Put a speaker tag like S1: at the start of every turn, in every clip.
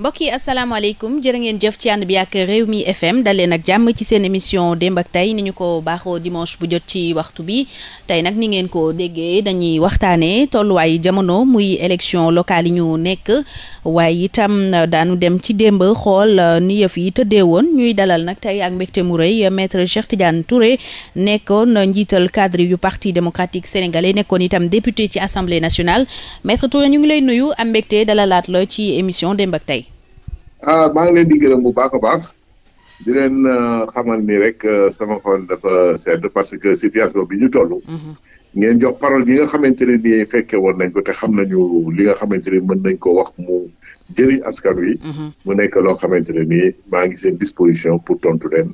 S1: mbokk yi asalaamaaleykum jërë ngeen jëf ci ànd bi ak réew mi FM daleen ak jàmm ci seen émission démb ak tey ni ñu ko baaxoo dimanche bu jot ci waxtu bi tey nag ni ngeen ko déggee dañuy waxtaanee tolluwaayu jamono muy élection locale yi ñu nekk waay itam daanu dem ci démb xool ni yëf yi tëddee woon ñuy dalal nag tey ak mbégte mu rëy maître Cheikh Tidiane Touré nekkoon njiital cadre yu parti démocratique sénégalais nekkoon itam député ci assemblée nationale maître Touré ñu ngi lay nuyu am mbégte dalalaat ci émission démb ak
S2: ah maa ngi leen di gërëm bu baax a baax di leen euh, xamal ni rek euh, sama xol dafa sedd parce que situation bi ñu toll. Mhm. ngeen jox parole gi nga xamante ne nii fekke woon nañ ko te xam nañu li nga xamante ne mën nañ ko wax mu jëriñ askan wi. Mhm. mu nekk loo xamante ne nii maa ngi seen disposition pour tontu leen.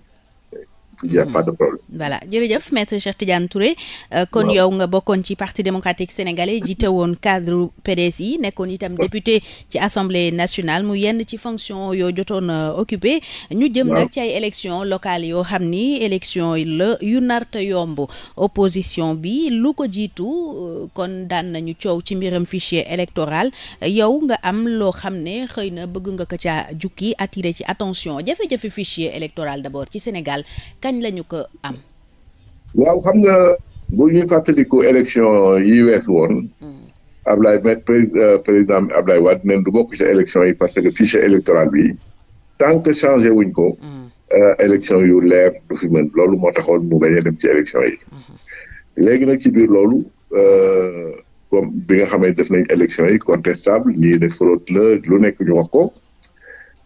S2: il y a pas de problème.
S1: voilà jërëjëf maître Cheikh Tidiane euh, kon yow nga bokkoon ci parti démocratique sénégalais jiite woon cadre PDS yi nekkoon itam député ci assemblée nationale mu yenn ci fonction yoo jotoon euh, occupé. ñu jëm nag ci ay élections locales yoo xam ni élection la yu narta yomb opposition bi lu ko jiitu euh, kon daan nañu coow ci mbiram fichier électoral yow nga am loo xam ne xëy na bëgg nga ko caa jukki attirer ci attention jafe-jafe fichier électoral d'abord ci Sénégal. kañ lañu ko am.
S2: waaw xam nga bu ñuy fàttaliku élection yi weesu woon. Mm. Ablaye met euh, président Ablaye Wade neen du bokk ci élection yi parce que fichier électoral bi tant que changé wuñ ko. Mm. Euh, élection yu leer du fi mën loolu moo taxoon mu bañ dem ci élection yi. Mm-hmm. léegi nag ci biir loolu euh, comme bi nga xam ne def nañ élection yi contestable ñii ne fraude la lu nekk ñu wax ko.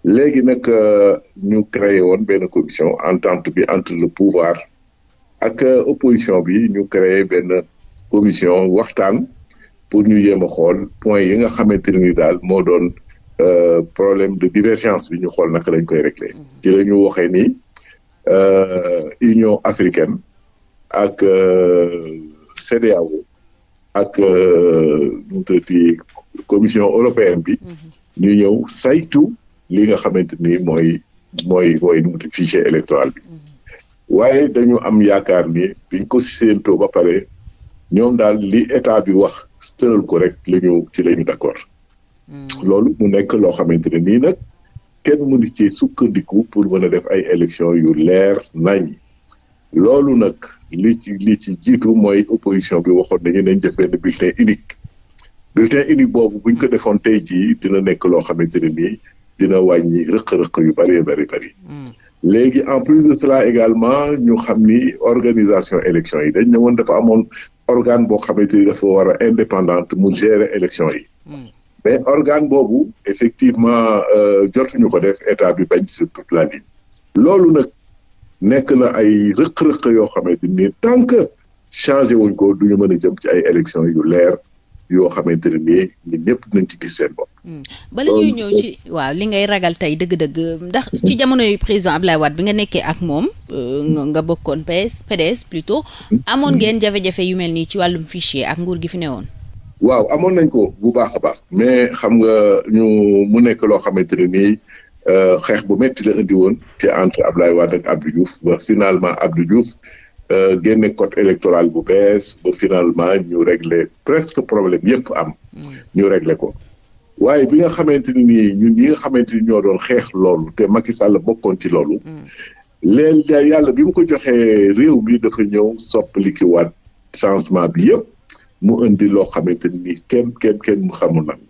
S2: léegi nag euh, ñu créer woon benn commission entente bi entre le pouvoir ak euh, opposition bi ñu créer benn commission waxtaan pour ñu jéem a xool point yi nga xamante ni daal moo doon euh, problème de divergence bi ñu xool naka lañ koy réglé. ci la ñu waxee ni Union africaine ak CEDEAO ak ñu tuddati commission européenne bi. Mhm. ñu ñëw saytu. li nga xamante ni mooy mooy mooy nu mu tudd fichier électoral bi waaye dañu am yaakaar ni biñ ko séentoo ba pare ñoom daal li état bi wax tëral ko rek la ñu ci la ñu hmm. loolu mu nekk loo xamante ne nii nag kenn mu mënu ci sukkandiku pour mën a def ay élections yu leer nañ loolu nag li ci li ci jiitu mooy opposition bi waxoon nañu nañ def benn bulletin unique bulletin unique boobu buñ ko defoon tey jii dina nekk loo xamante ne nii dina wàññi rëq-rëq yu bëree bëri bëri. Hmm. léegi en plus de cela également ñu xam ni organisation élection yi dañ ne woon dafa amoon organe boo xamante ni dafa war a indépendante mu gérer élection yi. Hmm. mais organe boobu effectivement euh, jotuñu ko def état bi bañ sur toute la ligne. loolu na nekk na ay rëq-rëq yoo xamante ni tant que changé wuñ ko du ñu mën a jëm ci ay élection yu leer. yoo xamante ne nii ñun ñëpp nañ ci gis seen bopp. Hmm.
S1: bala ñuy ñëw ci waaw li ngay ragal tey dëgg-dëgg ndax hmm. ci jamono yu président waat bi nga nekkee ak moom euh, nga bokkoon PS PDS plutôt hmm. amoon ngeen jafe-jafe yu mel nii ci wàllum fichier ak nguur gi fi woon
S2: waaw amoon nañ ko bu baax a baax mais xam nga ñu mu nekk loo xamante ne nii euh, xeex bu metti la indi woon ci entre Abdoulaye Wade ak Abdou Diouf finalement Abdou Diouf. Euh, génne code électoral bu bees ba finalement ñu régler presque problème yëpp am mm. ñu régler ko waaye bi nga xamante ni nii ñun ñi nga xamante ni ñoo doon xeex loolu te Macky Sall bokkoon ci loolu mm. léegi yàlla bi mu ko joxee réew bi dafa ñëw soppali ki waat changement bi yëpp mu indi loo xamante ni nii kenn kenn kenn mu xamul lan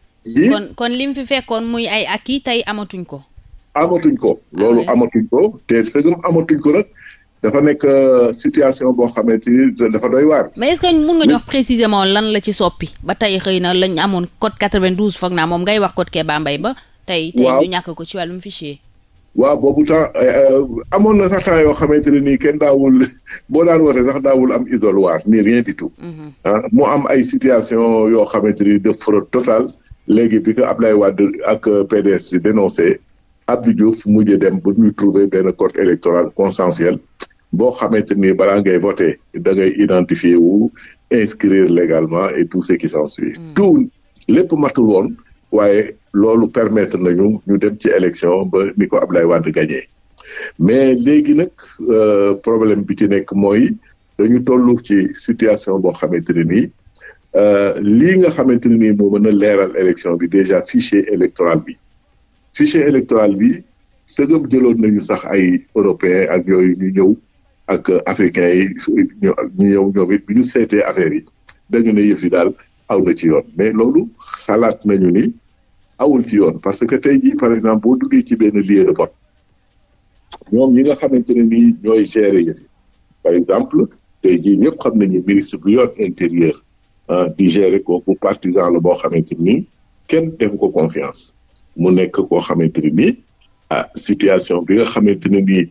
S1: kon kon lim fi fekkoon muy ay acquis tey amatuñ ko
S2: amatuñ ko loolu ah, amatuñ ko te fegam amatuñ ko nag dafa nekk euh, situation boo xamante ni dafa doy waar.
S1: mais est-ce que mun nga ñu précisément lan la ci soppi ba tey xëy na lañ amoon code 92 foog naa moom ngay wax code Kéba Mbaye ba. tey tey ñu ñàkk ko ci wàllum fichier.
S2: waaw boobu temps euh, euh, amoon na sax temps yoo xamante ne nii kenn daawul boo daan wootee sax daawul am isoloir ni rien du tout. Mhm. ah mu am ay situation yoo xamante ni de fraude totale léegi bi ko Ablaye Wade ak PDS si Abdou Diouf mujj dem ba ñu trouver benn code électoral boo xamante ni balaa ngay voter da ngay identifier wu inscrire légalement et tout ce qui s'ensuit mm. tout lépp matul woon waaye loolu permettre nañu ñu dem ci élection ba ni ko Ablaye Wade gagné mais léegi nag euh, problème bi ci nekk mooy dañu toll ci situation boo xamante ne nii euh, lii nga xamante ne nii moo mën leeral élection bi déjà fichier électoral bi fichier électoral bi sëgëm jëloon nañu sax ay européens ak yooyu ñu ñëw ak africain yi ñu yow ñoom it seetee affaire yi dañu ne yëf daal aw na ci yoon mais loolu xalaat nañu ni awul ci yoon parce que tey jii par exemple boo duggee ci benn lieu de vote ñoom ñi nga xamante ne nii ñooy gérer yëf yi par exemple tey jii ñëpp xam nañu ministre bu yor intérieur ah, di gérer ko pour partisan la boo xamante ni kenn def ko confiance mu nekk koo xamante ni nii ah situation bi nga xamante ni nii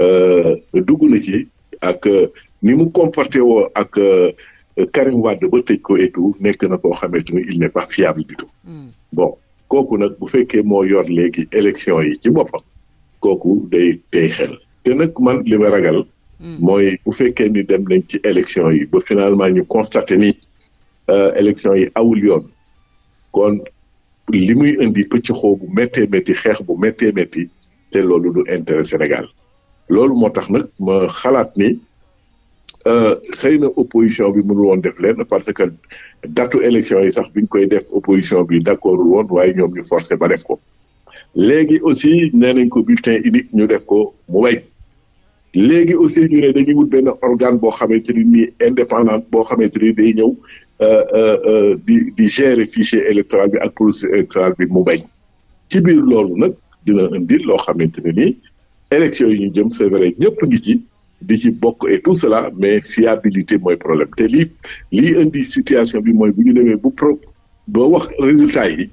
S2: Euh, dugg na ci ak euh, ni mu comporté woo ak euh, Karim Wade ba tëj ko et nekk na ko xamante ni il n'est pas fiable du tout. Hmm. bon kooku nag bu fekke moo yor léegi élection yi ci boppam kooku day tey xel te nag man li ragal. Hmm. mooy bu fekkee ni dem nañ ci élection yi ba finalement ñu constaté ni élection yi awul yoon kon li muy indi pëcc xoo bu méttee xeex bu méttee métti te loolu du intérêt Sénégal loolu moo tax nag ma xalaat ni euh, xëy na opposition bi mënul woon def leen parce que datu élection yi sax biñ koy def opposition bi d'accordul woon waaye ñoom ñu forcé ba def ko léegi aussi nee nañ ko bulletin unique ñu def ko mu way léegi aussi ñu ne dañuy wut benn organe boo xamante ni nii indépendant boo xamante ni day ñëw euh, euh, di di gérer fichier électoral bi ak processus électoral bi mu bañ ci biir loolu nag dina indi loo xamante ne nii élection yi ñu jëm c'est vrai ñëpp ngi ci di ci bokk et tout cela mais fiabilité mooy problème te lii lii indi situation bi mooy bu ñu demee bu pro ba wax résultat yi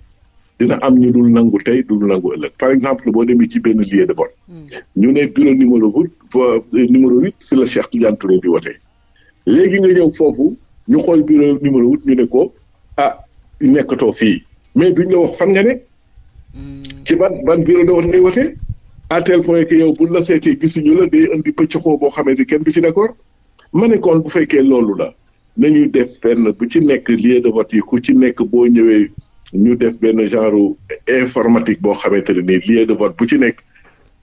S2: dina am ñu dul nangu tey dul nangu ëllëg par exemple boo demee ci benn lieu de vote hmm. ñu ne bureau numéro huit euh, numéro huit fi la Cheikh Tidiane Touré di wote léegi nga ñëw foofu ñu xool bureau numéro huit ñu ne ko ah nekkatoo fii mais duñ la wax fan nga ne hmm. ci ban ban bureau de vote ngay wote à tel point que yow buñ la seetee gisuñu la day indi pëccxoo boo xamante ni kenn du ci d'accord ma ne kon bu fekkee loolu la nañu def benn bu ci nekk lieu de vote yi ku ci nekk boo ñëwee ñu def benn genre informatique boo xamante ne nii lieu de vote bu ci nekk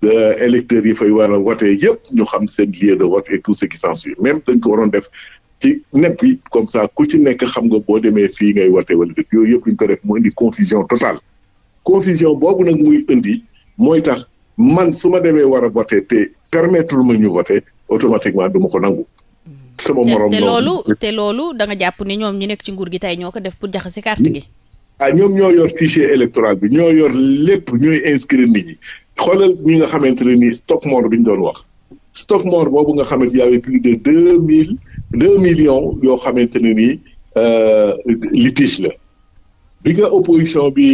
S2: euh, électeurs yi fay war a vote yëpp ñu xam seen lieu de vote et tout ce qui s'ensuit même dañ ko waroon def ci nepp yi comme ça ku ci nekk xam nga boo demee fii ngay vote wala dëkk yooyu yëpp ñu ko def mu indi confusion totale confusion boobu nag muy indi mooy tax man su ma demee war a voté te permettre ma ñu voté automatiquement duma ko nangu. Mm-hmm. sama morom te loolu
S1: te loolu da jàpp ni ñoom ñu nekk ci nguur gi tey ñoo ko def pour jaxase carte gi. Mm.
S2: ah ñoom ñoo yor fichier électoral bi ñoo yor lépp ñooy inscrire nit ñi xoolal ñi nga xamante ne nii stock mort bi ñu doon wax. stock mort boobu nga xamante y avait plus de deux millions yoo xamante ne nii euh, litige la. bi nga opposition bi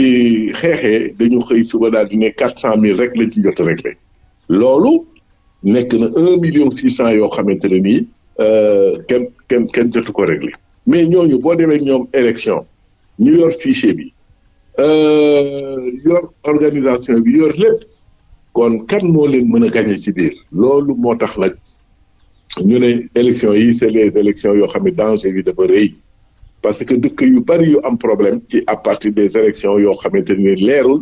S2: xeexee dañu xëy suba daal di ne quatre cent mille rek lañ ci jot a loolu nekk na un million six cent yoo xamante ne nii euh, kenn kenn kenn jotu ko réglé mais ñooñu boo demee ñoom élection ñu yor fichier bi euh, yor organisation bi yor lépp kon kan moo leen mën a gagné ci biir loolu moo tax nag ñu ne élection yi c'est les élections yoo xam ne danger bi dafa rëy parce que dëkk yu bari yu am problème ci à partir des élections yoo xamante ni leerul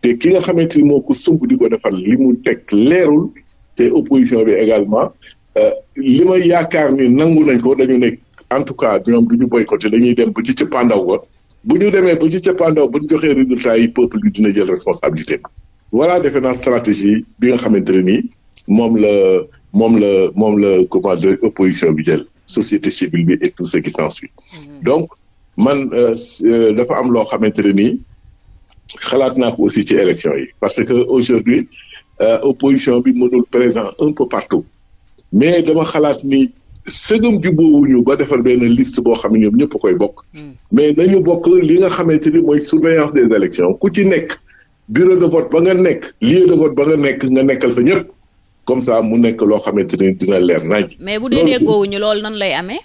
S2: te ki nga xamante ni moo ko sumb di ko defal li mu teg leerul te opposition bi également euh, li ma yaakaar ni nangu nañ ko dañu nekk en tout cas ñoom du ñu boycotté dañuy dem ba ci cëppaandaw ba bu ñu demee ba ci cëppaandaw ba ñu joxee résultat yi peuple bi dina jël responsabilité voilà defe naa stratégie bi nga xamante ne nii moom la moom la moom la comment dire opposition bi jël société civile bi et tout ce qui s'ensuit mm-hmm. donc man euh, euh, dafa am loo xamante ne nii xalaat naa ko aussi ci élection yi parce que aujourd'hui euh, opposition bi mënul exemple un peu partout mais dama xalaat ni sëgëm jubboowuñu ba defar benn liste boo xam ne ñoom ñëpp koy bokk mm. mais nañu bokk li nga xamante ni mooy surveillance des élections ku ci nekk bureau de vote ba nga nekk lieu de vote ba nga nekk nga nekkal fa ñëpp comme ça mu nekk loo xamante ni dina leer naaj.
S1: mais bu dee déggoowuñu loolu nan lay amee.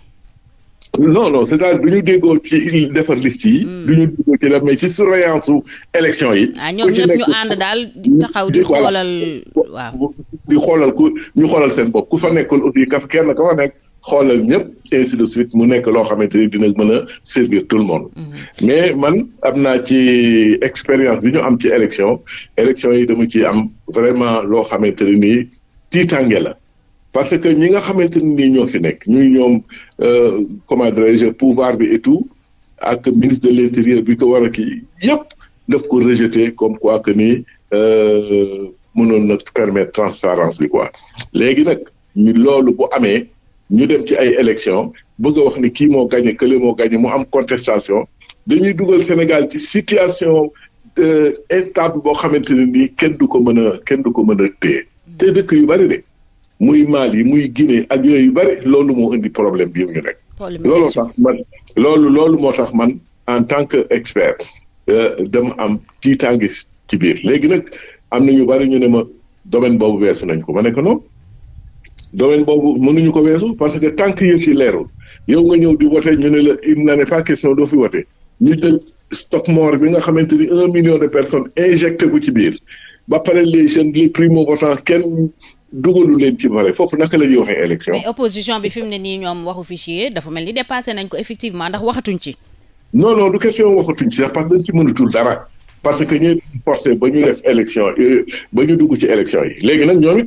S2: non non cest à du ñu déggoo ci defar liste yi. Hmm. du ñu déggoo ci def mais ci surveillance su élection yi. Ah,
S1: di xoolal.
S2: waaw ñu xoolal seen bopp ku fa nekkul aussi kaf kenn ka fa nekk xoolal ñëpp mu nekk loo xamante ni dina mën a servir tout le monde. Hmm. mais man am naa ci expérience bi ñu am ci élection élection yi dama ci am vraiment loo xamante ni tiitange la parce que ñi nga xamante ni ñoo fi nekk ñuy ñoom euh, comment dirais-je pouvoir bi et tout ak ministre de l'intérieur bi ko war a kii yëpp daf ko rejeter comme quoi que ni euh, mënoon na permettre transparence bi quoi léegi nag ñu loolu bu amee ñu dem ci ay élections bëgg a wax ni kii moo gagné kële moo gagné mu am contestation dañuy dugal Sénégal ci situation instable euh, boo xamante ne nii kenn du ko mën a kenn du ko mën a téye te dëkk yu bari de muy yi muy Guinée ak yu bari loolu moo indi problème bi ñu nekk. loolu tax man loolu loolu moo tax man en tant que expert euh, dama am tiitaange ci biir léegi nag am na ñu bari ñu ne ma domaine boobu weesu nañ ko ma nekk ko noonu domaine boobu mënuñu ko weesu parce que tant que yëf leerul yow nga ñëw di wote ñu ne la il n'en est pas question doo fi wote ñu jël stock mort bi nga xamante ni un million de personnes injecté ko ci biir ba pare les jeunes les primo-votants kenn dugalu leen ci bare foofu naka la ñuy waxee élection. mais
S1: opposition bi fi mu ne nii ñoom waxu fichier dafa mel ni dépassé nañ ko effectivement ndax waxatuñ ci.
S2: non non du question waxatuñ ci sax parce que dañ ci mënatul dara. parce que ñooy forcé ba ñu def élection euh, ba ñu dugg ci élection yi léegi nag ñoom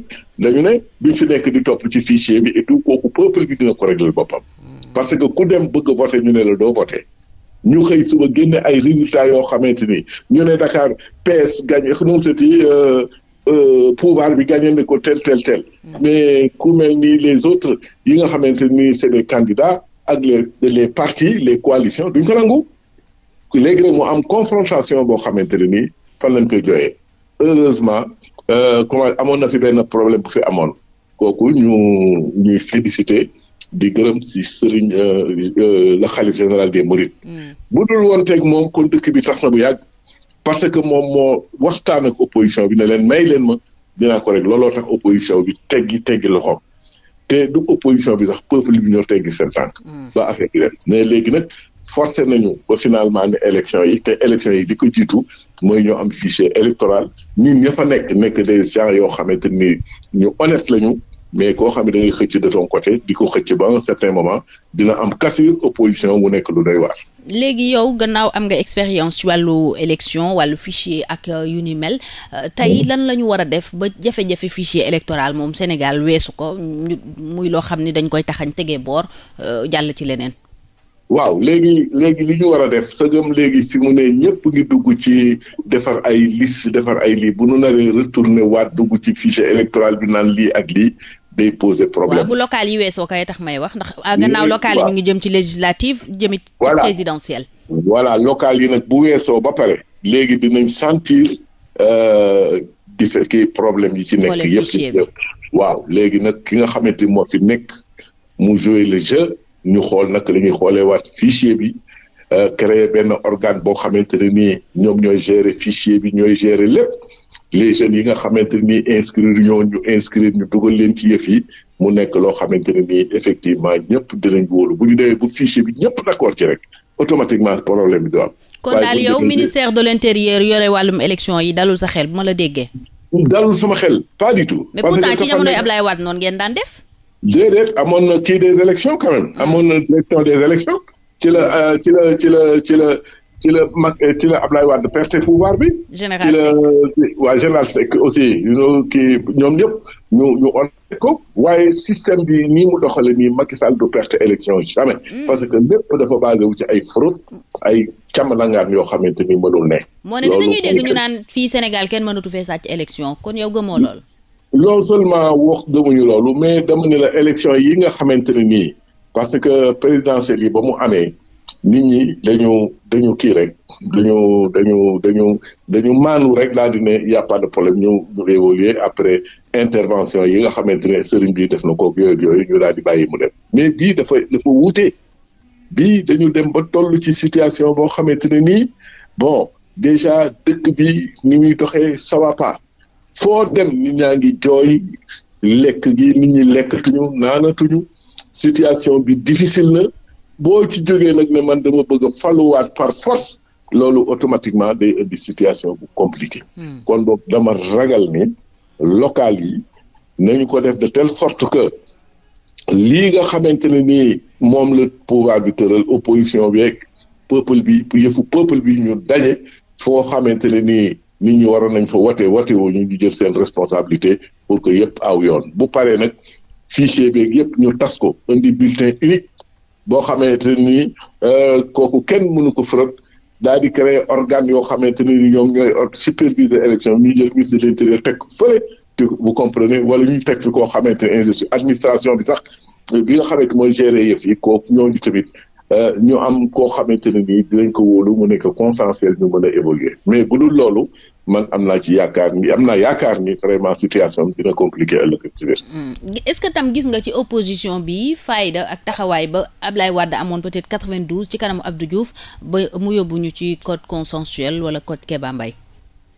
S2: dañu ne duñ fi nekk di topp ci fichier bi et tout kooku peuple bi dina ko régler boppam. Hmm. parce que ku dem bëgg voter ñu ne la doo ñu xëy suba génne ay résultats yoo xamante ni ñu ne Dakar PS gagné eh, non c'était euh, euh, pouvoir bi gagné ne ko tel tel tel mm. mais ku mel ni les autres yi nga xamante ni c'est des candidats ak les les partis les coalitions duñ ko nangu léegi nag mu am confrontation boo xamante ne nii fan lañ koy jooyee heureusement euh, comment amoon na fi benn problème bu fi amoon kooku ñu ñuy féliciter di gërëm si Serigne euh, euh, le xalif général des Mourides. Mm. bu dul woon teg moom kon dëkk bi tas na bu yàgg. parce que moom moo waxtaan ak opposition bi ne leen may leen ma dinaa ko rek looloo tax opposition bi teggi teggi loxoom te du opposition bi sax peuple bi ñoo teggi seen tànk. Mm. ba affaire bi leen mais léegi nag forcé nañu ba finalement ne élection yi te élection yi di ko jiitu mooy ñoo am fichier électoral ñun ña fa nekk nekk des gens yoo xamante ni ñu honnête lañu. mais koo xam ne da xëcc de ton côté di ko xëcc ba un certain moment dina am cassure opposition mu nekk lu doy waar.
S1: léegi yow gannaaw am nga expérience ci wàllu élection wàllu fichier ak euh, yu ni mel euh, tey mm-hmm. lan lañu ñu war a def ba jafe-jafe fichier électoral moom Sénégal weesu ko muy loo xam ni dañ koy taxañ tegee boor euh, jàll ci leneen.
S2: waaw léegi léegi li ñu war a def sëgëm léegi fi mu ne ñëpp ngi dugg ci defar ay liste defar ay lii bu nu naree retourner waat dugg ci fichier électoral bi naan lii ak lii de poser problème. bu
S1: local yi weesoo kay tax may wax ndax. Ah, gannaaw local yi mi ngi jëm ci législative. jëmi ci présidentielle.
S2: voilà local yi nag bu weesoo ba pare. léegi dinañ sentir euh, di fekkee problème yi ci nekk yëpp. waaw léegi nag ki nga xamante moo fi nekk mu jouer le jeu ñu xool nag la ñuy xoolee waat fichier bi. Euh, créer benn organe boo xamante ne nii ñoom ñooy gérer fichier bi ñooy gérer lépp les jeunes yi nga xamante ne nii inscrire ñoo ñu inscrire ñu dugal leen ci yëf yi mu nekk loo xamante ne nii effectivement ñëpp dinañ wóolu bu ñu demee bu fichier bi ñëpp d'accord ci rek automatiquement problème bi du am. kon daal yow ministère
S1: de l'intérieur yore wàllum élection yi dalul sa xel bu ma la déggee.
S2: dalul sama xel pas du tout. mais pourtant ci jamonoy
S1: Ablaye Wade noonu ngeen
S2: na kii des élections ah. na des élections Euh, ci la ci la ci la ci la ci la mag ci la Ablaye Wade perte pouvoir bi. général Seck ci la waa général Seck aussi kii ñoom ñëpp ñu ñu on ko waaye système bi ni mu doxale nii Macky Sall du perte élection jamais. Mm. parce que lépp dafa basé wu ci ay fraude ay càmmalangaan yoo xamante ni mënul ne. moo ne dañuy dégg ñu naan
S1: fii Sénégal kenn mënatu fee sàcc élection kon yow gëmoo lool.
S2: loolu seulement wax gëmuñu loolu mais dama ne la élection yi nga xamante ne nii. parce que présidentielle yi ba mu amee nit ñi dañu dañu kii rek dañu dañu dañu dañu maanu rek daal di ne y' a de problème ñu ñu après intervention yi nga xamante ne sëriñ bii def na kook yooyu ñu daal di bàyyi mu dem mais bii dafa dafa wuute bi dañu dem ba toll ci situation boo xamante ne nii bon déjà dëkk bi ni muy doxee sawapa va pas foo dem nit ñaa ngi jooy lekk gi nit ñi lekkatuñu naanatuñu situation bi difficile na boo ci jógee nag ne man dama bëgg faluwaat par force loolu automatiquement day indi situation bu compliquée. Hmm. kon boog dama ragal ni local yi nañu ko def de telle sorte que lii nga xamante ne nii moom la pouvoir bi tëral opposition bi ak peuple bi bi ñu daje foo xamante ne nii nit ñi waroon nañ fa wate wate wu ñu di jël seen responsabilité pour que yëpp aw yoon bu paree nag. fichier beeg yëpp ñu tas ko indi bulletin unique boo xamante ni euh, kooku kenn mënu ko fërët daal di créer organe yoo xamante ni ñoom ñooy superviser élection ñu jël ministre de l'intérieur teg ko fële te vous comprenez wala ñu teg fi koo xamante ni administration bi sax bi nga xamante mooy gérer yëf yi kooku ñooñu tamit Euh, ñu am koo xamante ne nii dinañ ko wóolu mu nekk consensuel ñu mën a évoluer mais bu dul loolu man am naa ci yaakaar ni am naa yaakaar ni vraiment situation bi dina compliqué ëllëg ci biir.
S1: Hmm. ce que tam gis nga ci opposition bi fayda ak taxawaay ba Ablaye Wade amoon peut-être 92 ci kanamu Abdou Diouf ba mu yóbbu ñu ci code consensuel wala code Kéba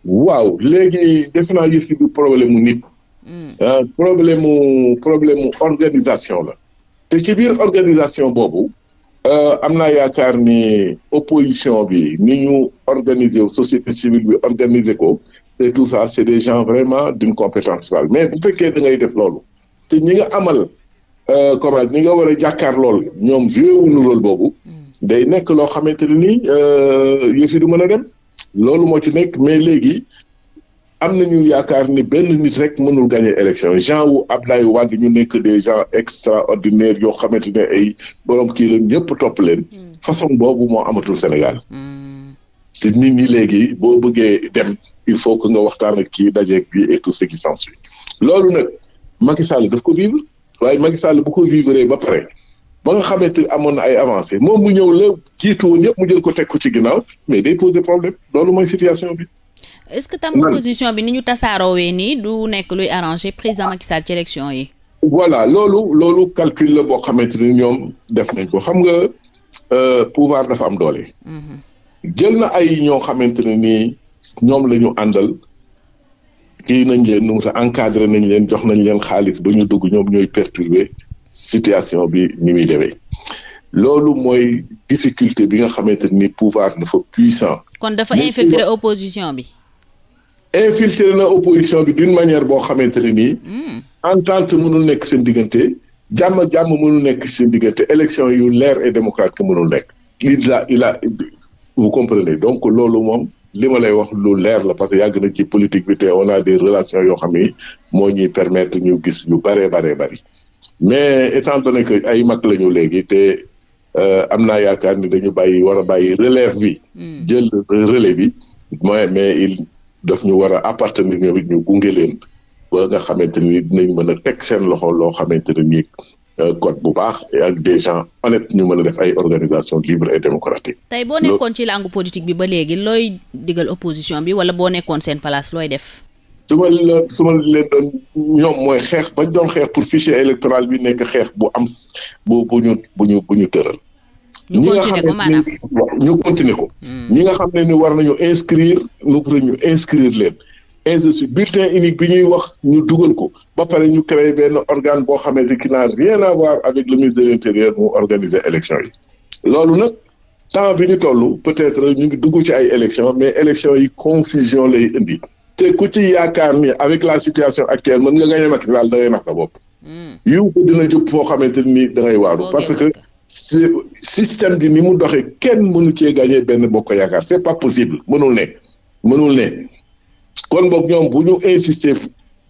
S2: waaw léegi defe naa yëf yi problème mu nit. Hmm. Euh, problème mu problème mu organisation la. te ci biir organisation boobu. Euh, am naa yaakaar ni opposition bi ni ñu organiser société civile bi organiser ko et tout ça c'est des gens vraiment d'une compétence totale mais bu fekkee da ngay def loolu te ñi nga amal euh, comment ñi nga war a ñoom joué wuñu loolu boobu mm. day nekk loo xamante ne nii euh, yëf yi du mën a dem loolu moo ci nekk mais léegi am ñu yaakaar ni benn nit rek mënul gagner élection gens wu Abdoulaye Wade ñu nekk des gens extraordinaires yoo xamante ne ay boroom kii la ñëpp topp leen. Hmm. façon boobu moo amatul Sénégal. Hmm. si nit ñi léegi boo bëggee dem il faut que nga waxtaan ak kii dajeeg bi et tout ce qui s'ensuit loolu nag Macky Sall daf ko vivre waaye Macky Sall bu ko vivre ba pare ba nga xamante ni amoon na ay avancées moom mu ñëw la jiitu woon yëpp mu jël ko teg ko ci ginnaaw mais day poser problème loolu mooy situation bi.
S1: est-ce que tam opposition bi ni ñu tasaaroowee nii du nekk luy arrangé président Macky Sall ci élection yi.
S2: voilà loolu loolu calcul boo xamante ni ñoom def nañ ko xam nga euh, pouvoir dafa am doole. Mhm. jël na ay ñoo xamante ne nii ñoom lañu ñu àndal kii nañ leen nu encadré nañ leen jox nañ leen xaalis ba ñu dugg ñoom ñooy perturber situation bi ni muy loolu mooy difficulté bi nga xamante ni pouvoir dafa puissant.
S1: kon dafa infiltrer opposition bi.
S2: infiltrer na opposition bi d'une manière boo xamante ne nii. Hmm. entente mënul nekk seen diggante. jàmm jàmm mënul nekk seen diggante élection yu leer et démocrate mënul nekk. il a il a vous donc loolu moom li ma lay wax lu leer la parce que yàgg na ci politique bi te on a des relation yoo xam ni moo ñuy permettre ñu gis lu bëree baree bëri mais étant donné que ay mag la ñu Euh, am naa yaakaar ni dañu bàyyi war a bàyyi relève bi. Hmm. jël relais bi. mooy mais il daf ñu war a appartenir ñoom ñu gunge leen ba nga xamante ni dinañ mën a teg seen loxo loo xamante ne nii euh, code bu baax ak des gens honnêtes ñu mën a def ay organisation libre et démocratique.
S1: tey boo nekkoon ci langue politique bi ba léegi looy digal opposition bi wala boo nekkoon seen place looy def.
S2: su leen su ma leen doon ñoom mooy xeex bañ doon xeex pour fichier électoral bi nekk xeex bu am bu bu ñu bu ñu bu ñu ñu continuer ko maanaam ñu continuer ko. ñi nga xam ne ni war nañu inscrire nu ñu inscrire leen. ainsi de suite bulletin unique bi ñuy wax ñu dugal ko ba pare ñu créé benn organ boo xamante ne qui n'a rien à voir avec le ministre de l'intérieur mu organiser élection yi. loolu nag temps bi ñu toll peut-être ñu ngi dugg ci ay élection mais élection yi confusion lay indi. te ku ci yaakaar mi avec la situation actuelle mën nga gagner Macky Sall da nax sa bopp. Hmm. yiw ko dina jub foo xamante ni da ngay waaru parce que. système bi ni mu doxee kenn mënu cee gagné benn bokk yaakaar c'est pas possible mënul ne mënul ne kon boog ñoom bu ñu insister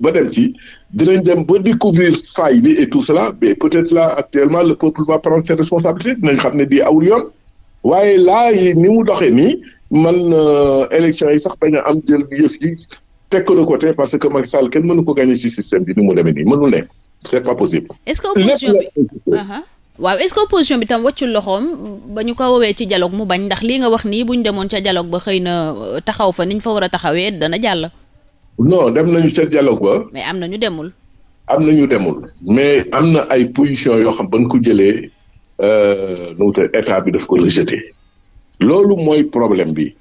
S2: ba dem ci dinañ dem ba découvrir faille bi et tout cela mais peut-être là actuellement le peuple va prendre ses responsabilités nañ xam ne di awul yoon waaye laa yi ni mu doxee nii man euh, élection yi sax bañ a am jël yëf yi teg ko te côté parce que Macky Sall kenn mënu ko gagné ci système bi ni mu demee nii mënul ne c'est pas possible.
S1: est waaw est-ce que opposition bi tam wàccul loxoom ba ñu ko woowee ci dialogue mu bañ ndax lii nga wax nii bu demoon ca dialogue ba xëy na euh, taxaw fa ni ñu fa war a taxawee dana jàll.
S2: non dem nañu ca dialogue ba.
S1: mais am na ñu demul.
S2: am na ñu demul mais am na ay position yoo xam ba ñu ko jëlee euh, nu état bi daf ko rejeté. loolu mooy problème bi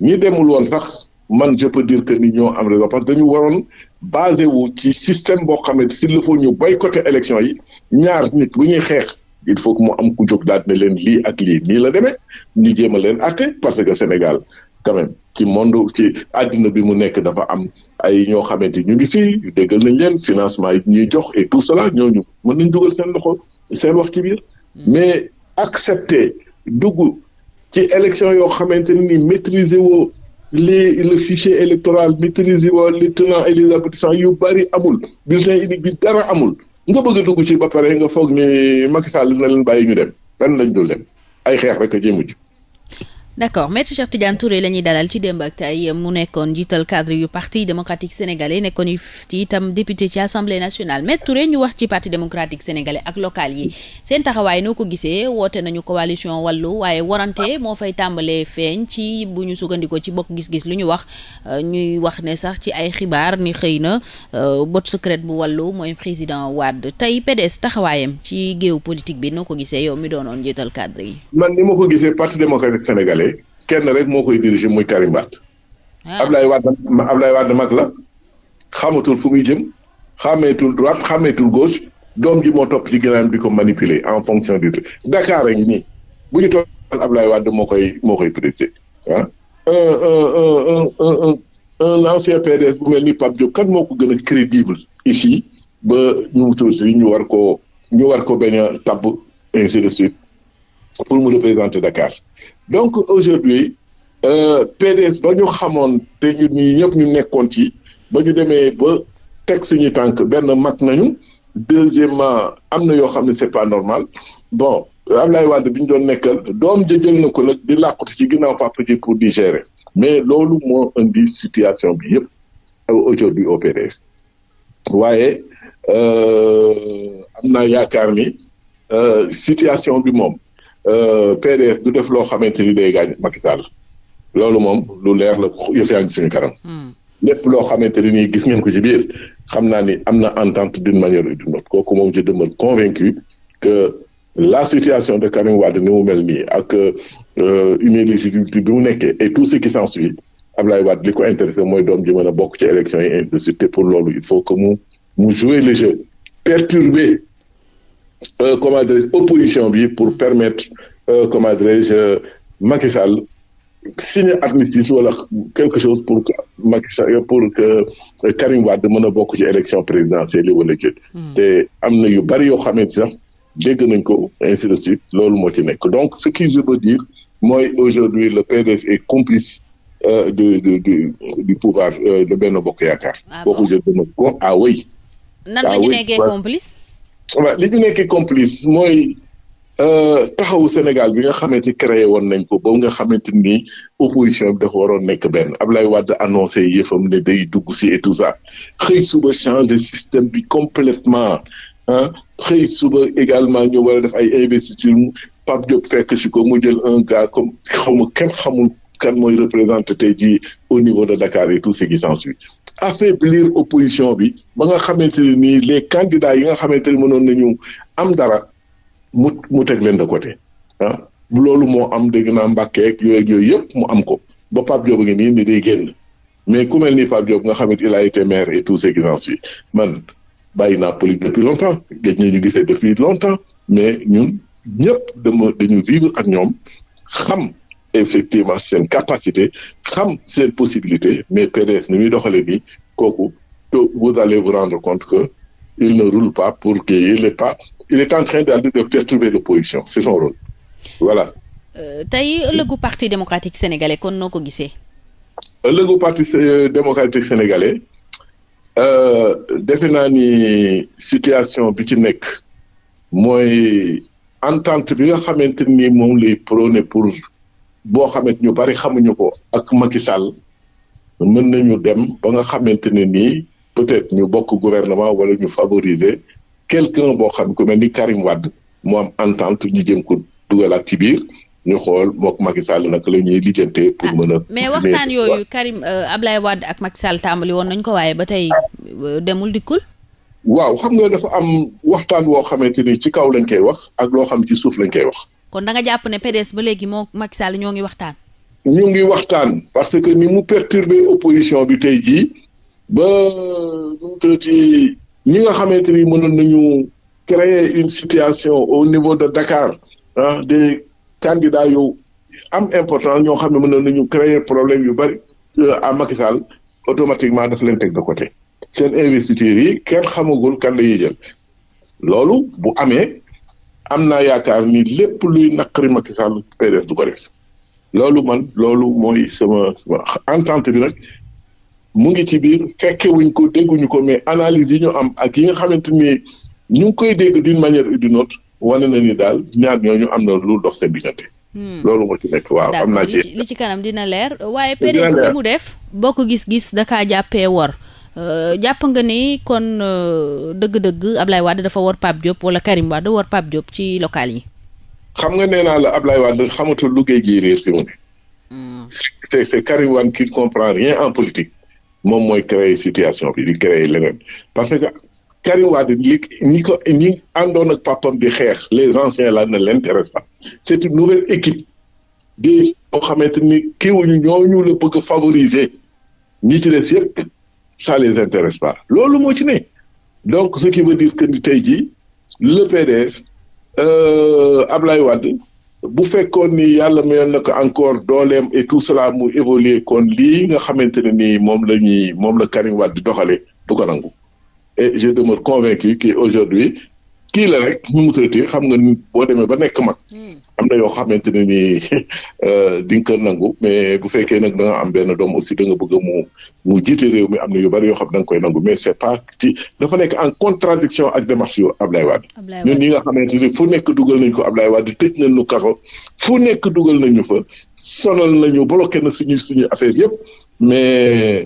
S2: ñi demul woon sax man je peux dire que ni ñoo am raison parce que dañu waroon basé wu ci système boo xam si s'il ñu bay ñu élection yi ñaar nit bu ñuy xeex. il faut que mu am ku jóg daal ne leen lii ak lii nii la demee ñu jéem a leen àtte parce que Sénégal quand même ci monde ci àddina bi mu nekk dafa am ay ñoo xamante ñu ngi fii yu déggal nañ leen financement yi ñuy jox et tout cela ñooñu mën nañ dugal seen loxo seen wax ci biir mm. mais accepter dugg ci élection yoo xamante ni maîtriser wo les le fichier électoral maîtriser woo les tenants et les yu bari amul bulletin unique bi dara amul nga bëgg a dugg ci ba pare nga foog ni Macky Sall dina leen bàyyi ñu dem benn lañ dul dem ay xeex rek a ciy mujj.
S1: d'accord maître Cheikh Tidiane Touré la ñuy dalal ci démb ak tey mu nekkoon jiital cadre yu parti démocratique sénégalais nekkoon ci itam député ci assemblée nationale maître Touré ñu wax ci parti démocratique sénégalais ak local yi seen taxawaay noo ko gisee woote nañu coalition wàllu waaye warante moo fay tàmbalee feeñ ci bu ñu sukkandikoo ci bokk gis-gis lu ñu wax euh, ñuy wax ne sax ci ay xibaar ni xëy na euh, bot secrète bu wàllu mooy président Wade tey PDS taxawaayam ci géew politique bi noo ko gisee yow mi doonoon jiital cadre yi.
S2: man ni ma ko gisee parti démocratique sénégalais. kenn rek moo koy diriger muy Karim Wade. Ah. Ablaye Wade Ablaye Wade mag la xamatul fu muy jëm xàmmeetul droite xàmmeetul gauche doom ji moo topp ci gànnaam di ko manipuler en fonction du Dakar rek nii bu ñu toog Ablaye Wade moo koy moo koy présider ah. un un bu mel ni Pape Diop kan moo ko gën a crédible ici ba ñu tuuti ñu war koo ñu war ko bañ a tabb mu représenter Dakar. donc aujourd'hui euh, PDS ba ñu xamoon te ñun ñii ñëpp ñu nekkoon ci ba ñu demee ba teg suñu tànk benn mag nañu deuxièmement am na yoo xam ne c'est pas normal bon am Ablaye Wade bi ñu doon nekkal doom ja jël na ko nag di làquti ci ginnaaw papa ji pour digérer mais loolu moo indi situation bi yëpp euh, aujourd'hui au PDS waaye euh, am naa yaakaar ni euh, situation bi moom Euh, PDS du def loo xamante ni day gaañ Macky Sall loolu moom lu leer la yëf yaa ngi suñu kanam. Hmm. lépp loo xamante ni nii gis ngeen ko ci biir xam naa ni am na entente d'une manière ou d'une autre kooku moom je demeure convaincu que la situation de Karim Wade ni mu mel nii ak euh, inéligibilité bi mu nekkee et tout ce qui s'ensuit Ablaye Wade li ko intéressé mooy doom ji mën bokk ci élection yi ainsi pour loolu il faut que mu mu jouer le jeu perturber Euh, comment dirais opposition bi pour permettre euh, comment dirais-je euh, Macky Sall signer armistice wala quelque chose pour que Macky Sall pour que mën a bokk ci élection présidentielle wala jël. Hmm. te am na yu bari yoo xamante sax dégg nañ ko ainsi de suite loolu moo ci nekk donc ce que je veux dire mooy aujourd'hui le PDS est complice du pouvoir euh, de Bokk Yaakaar. ah bon kooku je demee ah
S1: nan la ah nekkee complice.
S2: waaw li ñu nekk complice mooy euh, taxawu Sénégal bi nga xamante créé woon nañ ko boobu nga xamante ni opposition bi dafa waroon nekk benn Ablaye Wade annoncé yëfam ne day dugg si et tout ça xëy suba changer système bi complètement ah xëy suba également ñu war a def ay investiture Pape Diop fekk ko mu jël un gars comme xaw ma kenn xamul kan mooy représenté tey ji au niveau de Dakar et tout ce qui s'ensuit affaiblir opposition bi ba nga xamante ni nii les candidats yi nga xamante ne mënoon ñu am dara mu mu teg leen de côté ah loolu moo am dégg naa mbàkkeeg yooyu yooyu yëpp mu am ko ba Pape Diop ngi nii ni day génn mais ku mel ni Pape Diop nga xamante il a été maire et tout ce qui s'ensuit man bàyyi naa politique depuis longtemps géej ñu gisee depuis longtemps mais ñun ñëpp dama dañu vivre ak ñoom xam effectivement seen capacité xam seen possibilité mais PDS ni muy doxalee nii kooku. que vous allez vous rendre compte que il ne roule pas pour qu'il est pas il est en train d'aller de perturber l'opposition c'est son rôle voilà.
S1: Euh, tey ëllëgu parti démocratique sénégalais kon noo ko gisee.
S2: ëllëgu parti démocratique sénégalais euh, defe naa ni situation bi ci nekk mooy entente bi nga xamante ni moom lay prôné pour boo xamante ñu bari xamuñu ko ak Macky mën nañu dem ba nga xamante nii. peut-être ñu bokk gouvernement wala ñu favoriser quelqu'un boo xam ku mel ni Karim Wade mu am entente ñu jëm ko dugalaat ci biir ñu xool mook Macky Sall nag la ñuy lijjantee pour ah, mën a. mais waxtaan yooyu
S1: Karim euh, Ablaye Wade ak Macky Sall tàmbali woon nañ ko waaye ba tey euh, demul dikkul.
S2: waaw xam nga dafa am waxtaan woo xamante ni ci kaw lañ koy wax ak loo xam ci suuf lañ koy wax.
S1: kon da jàpp ne PDS ba léegi moo Macky ñoo ngi waxtaan.
S2: ñu ngi waxtaan parce que ni mu perturber opposition bi tey jii. ba ñu ñi nga xamante ni mënoon nañu créer une situation au niveau de Dakar ah des candidats am importance ñoo xam ne mënoon nañu créer problème yu bari euh, à Macky Sall automatiquement daf leen teg de côté seen investiture yi kenn xamagul kan lañuy jël loolu bu amee am naa yaakaar ni lépp luy naqari Macky Sall PDS du ko def loolu man loolu mooy sama entente bi nag mu ngi ci biir fekke wuñ ko dégguñu ko mais analyse yi ñu am ak yi nga xamante ni ñu ngi koy dégg d'une manière ou d'une wane na ni daal ñaar ñooñu am na lu dox seen diggante. Hmm. loolu moo ci nekk waaw am naa li
S1: ci kanam dina leer waaye PDS li mu def bokk gis-gis da jàppe jàppee wor euh, jàpp nga ni kon euh, dëgg-dëgg Ablaye Wade dafa wor Pape Diop wala Karim Wade wor Pape Diop ci local yi.
S2: xam nga nee naa la Ablaye Wade xamatul lu géej gi réer fi mu ne. Hmm. c'est Karim Wade en politique. moom mooy créer situation bi di parce que Karim Wade li ñi ko ñi àndoon ak papam di xeex les anciens là ne l'intéresse pas c'est une nouvelle équipe di ñoo xamante ni kiiwuñu ñooñu la bëgg favoriser ñi ci des yëpp ça les intéresse pas loolu moo ci ne donc ce qui veut dire que ni tey jii le PDS euh, Ablaye Wade bu fekkoon ni yàlla mayoon na ko encore dooleem et tout cela mu évoluer kon lii nga xamante ne nii moom la ñuy moom la Karim Wade di doxalee du ko nangu et je demeure convaincu qu'aujourd'hui kii la rek mu traité xam nga nu boo demee ba nekk mag hmm. am na yoo xamante ne nii euh, di nga ko nangu mais bu fekkee nag da nga am benn doom aussi da nga bëgg mu mu jiite réew mi am na yu bari yoo xam da nga koy nangu mais c'est pas ci dafa nekk en contradiction ak démarche yu Ablaye Wade ñun ñi nga xamante ni fu nekk dugal nañ ko Ablaye Wade tëj nañ ñu kaso fu nekk dugal nañ ñu fa sonal nañu bloqué na suñu suñu affaire yëpp mais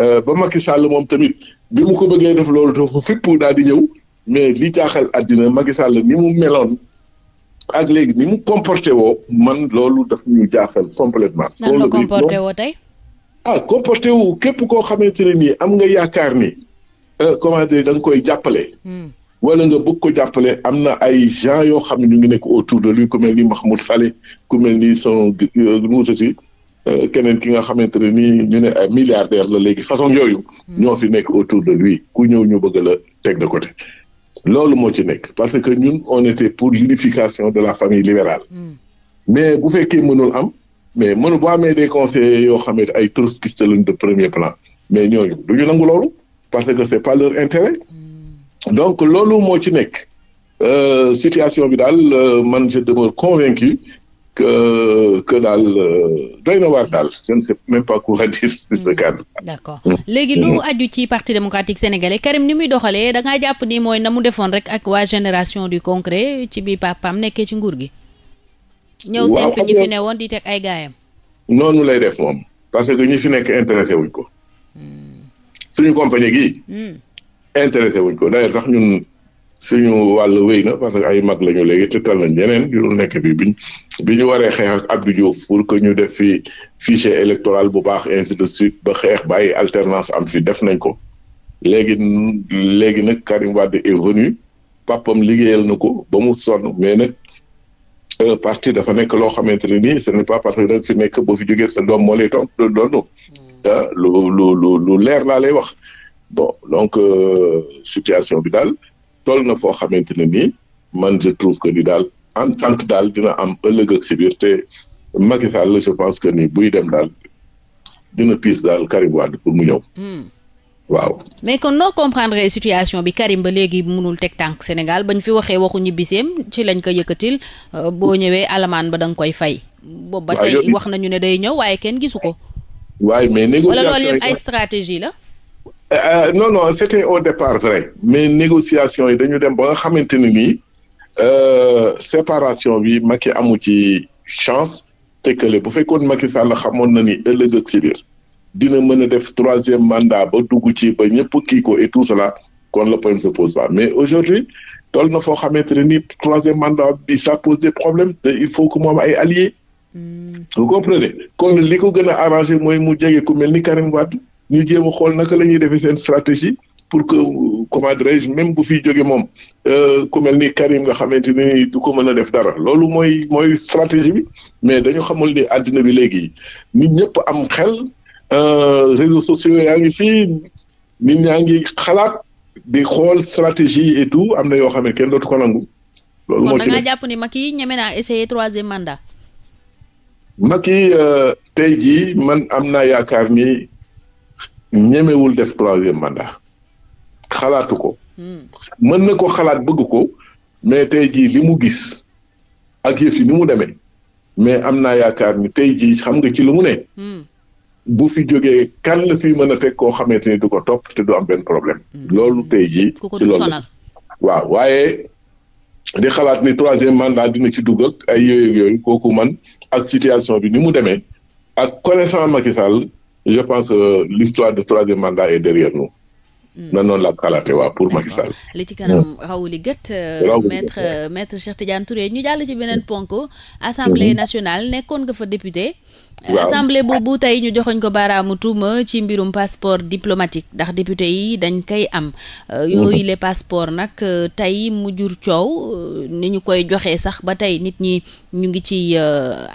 S2: euh, ba Macky Sall moom tamit bi mu ko bëggee def loolu dafa fipp daal di ñëw mais li jaaxal àddina Macky Sall ni mu meloon ak léegi ni mu comporté woo man loolu daf ñu jaaxal complètement nan la comporté woo tey ah comporté wu képp koo xamante ne nii am nga yaakaar ni euh, comment dire da nga koy jàppale hmm. wala nga bëgg ko jàppale am na ay gens yoo xam ne ñu ngi nekk autour de lui ku mel ni Mahmoud Saleh ku mel ni son euh, nuutati euh, keneen ki nga xamante ne nii ñu ne ay milliardaire la léegi façon yooyu hmm. ñoo fi nekk autour de lui ku ñëw ñu bëgg la teg de côté loolu moo ci nekk parce que ñun on était pour l'unification de la famille libérale mm. mais bu fekkee mënul am mais mënu boo amee des conseillers yoo xam ne ay trotskiste lañ de premier plan mais ñooñu du ñu nangu loolu parce que c'est pas leur intérêt mm. donc loolu moo ci nekk euh, situation bi daal euh, man je demeure convaincu que que daal euh, doy na waar daal je ne sais même pas quoi dire sur ce hmm. cadre.
S1: d'accord léegi lu aju ci parti démocratique sénégalais Karim ni muy doxalee da jàpp ni mooy na mu defoon rek ak waa génération du concret ci bi papaam nekkee ci nguur gi. ñëw séntu ñi fi ne woon di teg ay gaayam
S2: noonu lay def moom parce que ñi fi nekk intéressé wuñ ko. Hmm. suñu compagnie gi. Hmm. intéressé wuñ ko d'ailleurs sax ñun. suñu wàll wéy na parce que ay mag lañu léegi te tal nañ ñeneen yu nekk bi biñ bi ñu waree xeex ak Abdou Diouf pour que ñu def fi fichier électoral bu baax ainsi de suite ba xeex ba ay alternance am fi def nañ ko léegi léegi nag Karim Wade est venu papam liggéeyal na ko ba mu sonn mais nag euh, parti dafa nekk loo xamante ne nii ce n'est pas parce que nag fi nekk boo fi jógee sa doom moo lay tomp doonu hmm. ah, lu lu lu lu leer laa lay wax bo donc euh, situation bi daal toll na foo xamante ne nii man je trouve que ni daal en tant que daal dina am ëllëg ak si biir te Macky je pense que ni buy dem daal dina piis daal Karim Wade pour mu ñëw. Hmm. waaw.
S1: mais kon noo comprendre situation bi Karim ba léegi mënul teg tànk Sénégal bañ fi waxee waxu ñibbiseem ci lañ ko yëkkatil euh, boo ñëwee alamaan ba da koy fay. boobu tey wax nañu ne day ñëw waaye kenn gisu ko.
S2: waaye mais négociation ay
S1: stratégie la.
S2: Euh, non non c'était au départ vrai mais négociation yi dañu dem ba nga xamante ne nii euh, séparation bi Macky amu ci chance te que bu fekkoon Macky Sall xamoon na ni ëllëg ak si dina mën a def troisième mandat ba dugg ci ba ñëpp kii ko et tout cela kon le problème se pose pas mais aujourd'hui toll na foo xamante ne nii troisième mandat bi ça pose des problèmes il faut que moom ay alliés. Hmm. vous comprenez kon li ko gën a arrangé mooy mu jege ku mel ni Karim Wade. ñu jéem a xool naka lañuy ñuy defee stratégie pour que comme dirais-je même bu fi jóge mom euh, ku mel ni Karim nga xamante ni du ko mën a def dara loolu mooy mooy stratégie bi mais dañu xamul ni àddina bi léegi nit ñëpp am xel euh, réseaux sociaux yaa ngi fii nit ñaa ngi xalaat di xool stratégie et tout am na yoo xam ne kenn dootu ko nangu. loolu moo ci kon da ngaa
S1: jàpp ni Macky ñeme naa essayer troisième mandat.
S2: Macky euh, tey jii man am naa yaakaar ni. ñemewul def troisième mandat xalaatu ko. Hmm. mën na ko xalaat bëgg ko mais tey jii li mu gis ak yëf yi ni mu deme mais am naa yaakaar ni tey jii xam nga ci lu mu ne. Hmm. bu fi jógee kan la fi mën a teg koo xamante ni du ko top te du am benn problème. Hmm. loolu tey jii. ci loolu waaw waaye di xalaat ni troisième mandat dina ci dugg ak ay yooyu yooyu kooku man ak situation bi ni mu demee ak connaissant Macky Sall je pense que l'histoire de troisième mandat est derrière nous. Hmm. nanoonu la xalaatee waa pour Macky Sall. Ah.
S1: li ci kanam hmm. rawuli gët. Euh, maître euh, maître Cheikh Tidiane Touré ñu jàll ci beneen hmm. ponk. assemblée nationale nekkoon nga fa député. assemblée boobu tey ñu joxañ ko baaraamu tuuma ci mbirum passeport diplomatique ndax député yi dañ koy am euh, yooyu mhm. les passeport nag euh, tey mu jur coow euh, ni ñu koy joxee sax ba tey nit ñi ñu ngi ci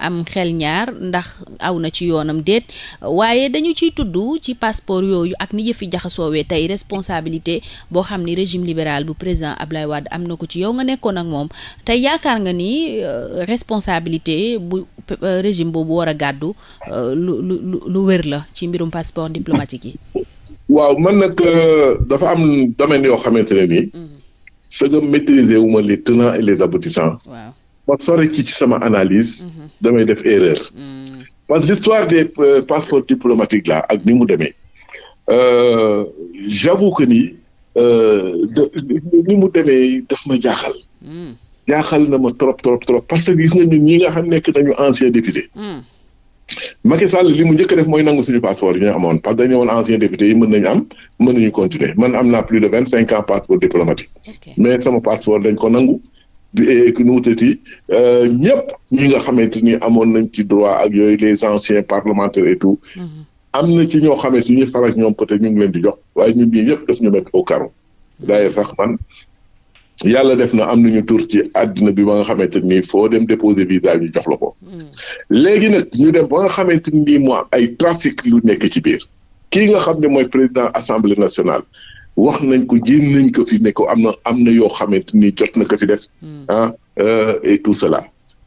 S1: am xel ñaar ndax aw na ci yoonam déet waaye dañu ciy tudd ci passeport yooyu ak ni yëfi jaxasoowee tey responsabilité boo xam ni régime libéral bu président Ablaye Wade am na ko ci yow nga nekkoon ak moom tey yaakaar nga ni responsabilité bu régime boobu war a gàddu euh, lu lu lu wér la ci mbirum passeport diplomatique yi.
S2: waaw man nag euh, dafa am domaine yoo xamante ne nii. sëgëm mhm. maîtriser wu ma les tenants et les aboutissants. waaw ma sore ci ci sama analyse. Mhm. damay def erreur. Mhm. parce que l'histoire des euh, passeports diplomatiques là ak ni mu demee. j'avoue que ni ni mu demee daf ma jaaxal. jaaxal na ma trop trop trop parce que gis nga ñun ñi nga xam nekk nañu ancien député. Macky Sall li mu njëkk def mooy nangu suñu passeport yi ñu amoon parce que dañu ancien député yi mën nañu am mën nañu continuer man am naa plus de vingt cinq ans passeport diplomatique mais sama passeport dañ ko nangu bi eh, nu wutati euh, ñëpp ñi nga xamante ni amoon nañ ci droit ak yooyu les anciens parlementaires et tout mm-hmm. am na ci ñoo xamante ñu faral ñoom peut ñu ngi leen di jox waaye ñun ñii ñëpp daf ñu mettre au carreau. d'ailleurs sax man yàlla def na am nañu tur ci àddina bi ba nga xamante ni foo dem déposer visa ñu jox la ko. Hmm. léegi nag ñu dem ba nga xamante ni mu ay trafic lu nekk ci biir. kii nga xam ne mooy président assemblée nationale wax nañ ko jéem nañ ko fi ne ko am na am na yoo xamante ni jot na ko fi def. Hmm. ah euh, et tout cela.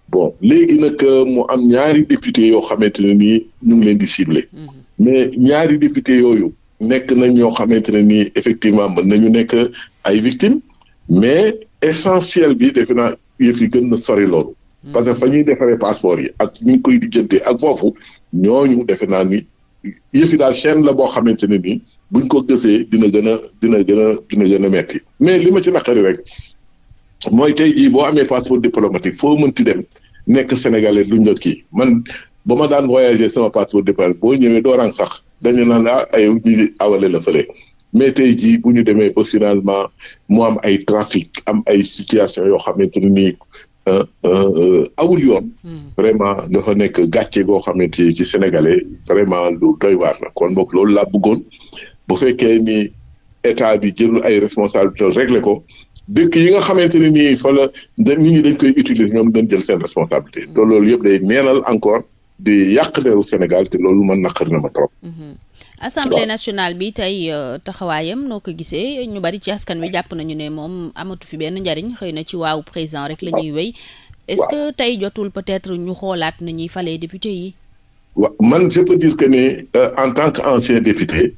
S2: bon léegi nag euh, mu am ñaari député yoo xamante ne nii ñu ngi leen di ciblé. Hmm. mais ñaari député yooyu nekk nañ ñoo xamante ne nii effectivement mën nañu nekk ay victimes. mais essentiel bi defe naa yëf yi gën na sori loolu. Hmm. parce que fa ñuy defaree passeport yi ak ñu koy lijjantee ak foofu ñooñu defe naa ni yëf yi daal chaîne la boo xamante ne nii buñ ko gësee dina gën a dina gën a dina gën a metti mais li ma ci naqari rek mooy tey jii boo amee passeport diplomatique foo mënti dem nekk sénégalais duñ la kii man ba ma daan voyager sama passeport diplomatique boo ñëwee doo rang sax dañu naan ah ay ñu awale la fële mais tey jii bu ñu demee ba finalement mu am ay trafic am ay situation yoo xamante ni euh, euh, awul yoon. Hmm. vraiment dafa nekk gàcce goo xamante ci sénégalais vraiment lu doy waar la kon boog loolu la bëggoon bu fekkee ni état bi jëlul ay responsabilité réglé ko dëkk yi nga xamante ne nii fa la nit ñi dañ koy utiliser ñoom dañ jël seen responsabilité hmm. te loolu yëpp day neenal encore di yàq deru Sénégal te loolu man naqar na ma trop. Hmm.
S1: assemblée nationale bi tey euh, taxawaayam noo ko gisee ñu bari ci askan wi jàpp nañu ne moom amatu fi benn njariñ xëy na ci waaw président rek la ñuy wéy est-ce que tey jotul peut-être ñu xoolaat na ñuy falee député yi waaw man
S2: je peux dire que ne euh, en tant que ancien député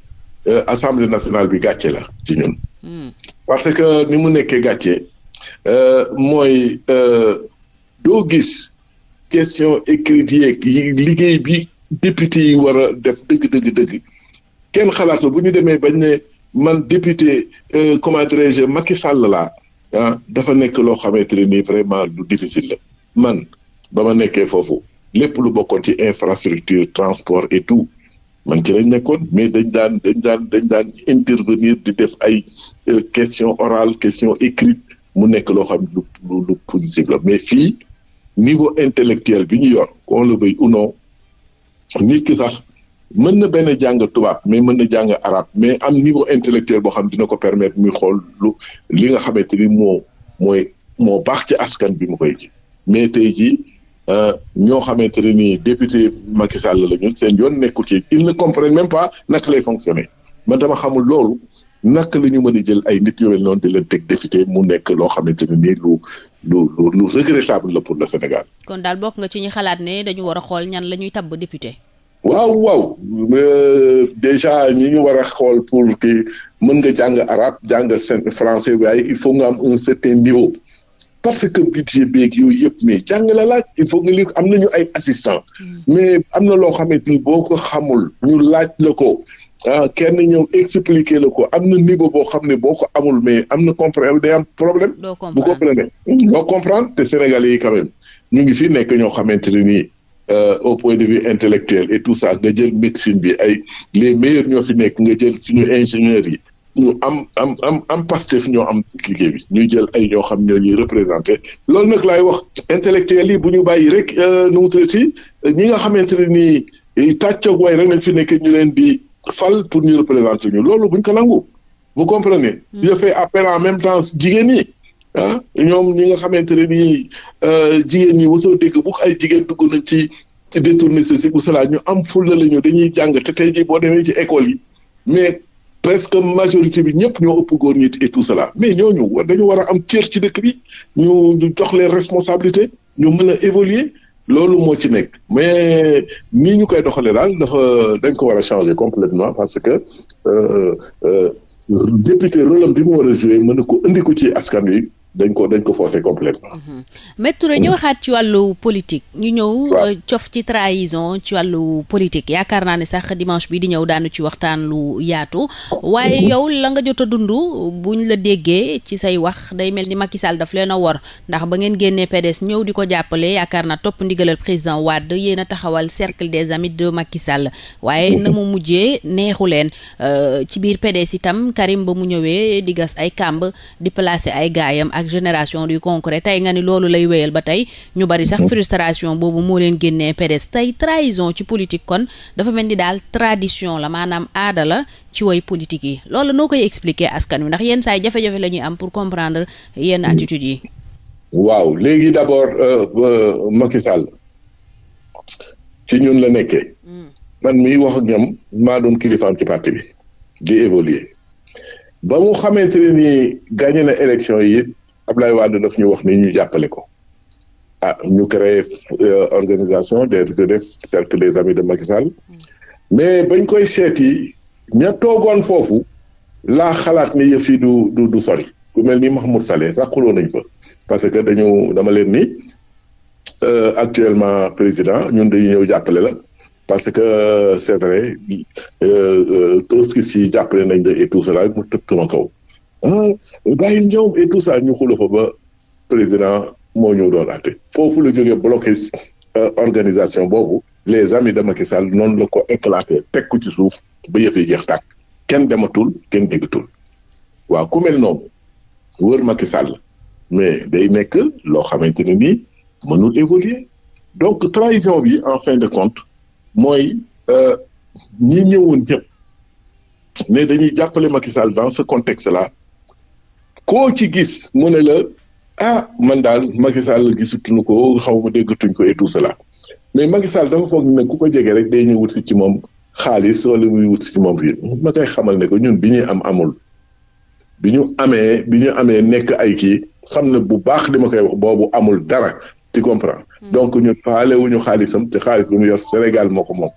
S2: euh, assemblée nationale bi gàcce la ci ñun hmm. parce que ni mu nekkee gàcce mooy doo gis question écrite yeeg liggéey bi député yi war a def dëgg dëgg dëgg kenn xalaat bu ñu demee bañ ne man député euh, comment dirais-je Macky Sall laa ah dafa nekk loo xamante ne nii vraiment lu difficile la man ba ma nekkee foofu lépp lu bokkoon ci infrastructure transport et tout man ci lañ nekkoon mais dañ daan dañ daan dañ daan intervenir di def ay euh, question orale question écrite mu nekk loo xam lu lu lu positif mais fii niveau intellectuel bi ñu yor qu'on le veuille ou non sax mën na benn jàng tubaab mais mën na jàng arabe mais am niveau intellectuel boo xam dina ko permettre muy xool lu li nga xamante ni moo mooy moo baax ci askan bi mu koy ji mais tey jii euh, ñoo xamante ne ni député Macky Sall la ñun seen yoon nekkul ci ils ne comprennent même pas naka lay fonctionner man ma xamul loolu naka la ñu mën a jël ay nit yu mel noonu di leen teg député mu nekk loo xamante ne ni lu lu lu regrettable la pour le Sénégal.
S1: kon daal bokk nga ci ñi xalaat ne dañu war xool ñan la ñuy tabb député.
S2: waaw waaw euh, déjà ñi ñu war a xool pour que mën nga jàng arabe jàng seen français waaye il faut nga am un certain niveau parce que budget beeg yooyu yëpp mais jàng la laaj il faut nga li am nañu ay assistant mm. mais am na loo xamante ni boo ko xamul ñu laaj la ko ah kenn ñëw expliquer la ko am na niveau boo xam ne boo ko amul mais am na comprendre day am problème bu comprendre mm, doo comprendre te sénégalais yi quand ñu ngi fi nekk ñoo xamante ne nii euh, au point de vue intellectuel et tout ça nga jël médecine bi ay les meilleurs ñoo fi nekk nga jël suñu ingénieurs yi ñu am am am am Pastef ñoo am liggéey bi ñu jël ay ñoo xam ñoo ñuy représenté loolu nag laay wax intellectuels yi bu ñu bàyyi rek euh, nu mu traité ñi nga xamante ne nii tàccoog waay rek lañ fi nekk ñu leen di fal pour ñu représenter ñu loolu buñ ko nangu vous comprenez. Mm. je fais appel en même temps jigéen ñi. ah ñoom ñi nga xamante ne nii euh, jigéen ñi wasoo dégg bu ay jigéen dugg nañ ci ci détourner ceci ou cela ñu am fulla la ñu dañuy jàng te tey jii boo demee ci école yi mais presque majorité bi ñëpp ñoo ëpp góor ñi et tout cela mais ñooñu dañu war a am cër ci dëkk bi ñu ñu jox le responsabilités ñu mën a évoluer loolu moo ci nekk mais nii ñu koy doxalee daal dafa dañ ko war a changer complètement parce que euh, euh, député rôle am bi mu war a jouer mën na ko indi ko ci askan wi dañ ko dañ ko forcé mhm.
S1: ñu waxaat ci wàllu politique ñu ñëw euh, cof ci trahison ci wàllu politique yaakaar naa ne sax dimanche bii di ñëw daanu ci waxtaan lu yaatu waaye mhm. yow la nga jot a dund buñ la déggee ci say wax day mel ni Macky Sall daf leen a wor ndax ba ngeen génnee PDS ñëw di ko jàppale yaakaar naa topp ndigalal président Wade yéen a taxawal cercle des amis de Macky Sall waaye na mu mujjee neexu leen euh, ci biir PDS itam Karim ba mu ñëwee di gas ay kàmb di placer ay gaayam ak génération du concret tey nga ni loolu lay wéyal ba tey ñu bari sax mm-hmm. frustration boobu moo leen génnee PDS tey trahison ci politique kon dafa mel ni daal tradition la maanaam aada la ci way politique yi loolu noo koy expliquer askan wi ndax yenn saa yi jafe-jafe la ñuy am pour comprendre yenn attitude yi.
S2: waaw léegi d'abord euh, euh, Macky Sall ci ñun la nekkee. Mm. man mii wax ak ñoom maa doon kilifaam ci parti bi di évoluer ba mu xamante ne nii gagné élection yi waa Wade daf ñu wax ni ñu jàppale ko ah ñu créé euh, organisation des def cercle des amis de Macky Sall mm. mais bañ koy seeti ña toogoon foofu laa xalaat ni yëf yi du du du sori ku mel ni Mahmoud Saleh sax xuloo nañ fa parce que dañu dama leen ni euh, actuellement président ñun dañu ñëw jàppale la parce que euh, c'est vrai trop si jàppale nañ de et tout mu tëb sama kaw. hum bàyyil ñoom et tout ça ñu ba président moo ñëw doon àtte foofu la jógee bloqué euh, organisation boobu les amis de Macky Sall noonu la ko éclaté teg ko ci suuf ba yëf yi jeex tàkk kenn dematul kenn déggatul waaw ku mel noonu wër day nekk loo xamante ne nii mënul évoluer donc trahison bi en fin de compte mooy euh, ñi ñëwoon ñëpp mais dañuy jàppale Macky Sall dans ce contexte la koo ci gis mu ne la ah man daal Macky Sall gisatuñu ko xaw ma tuñ ko et tout cela mais Macky Sall dafa foog ne ku ko jege rek day ñëw wut ci moom xaalis wala muy wut si ci moom fii ma koy xamal ne ko ñun bi ñuy am amul bi ñu amee bi ñu amee nekk ay kii xam ne bu baax li ma koy wax boobu amul dara ti comprends hmm. donc ñun faale wuñu xaalisam te xaalis bu mu yor Sénégal moo ko moom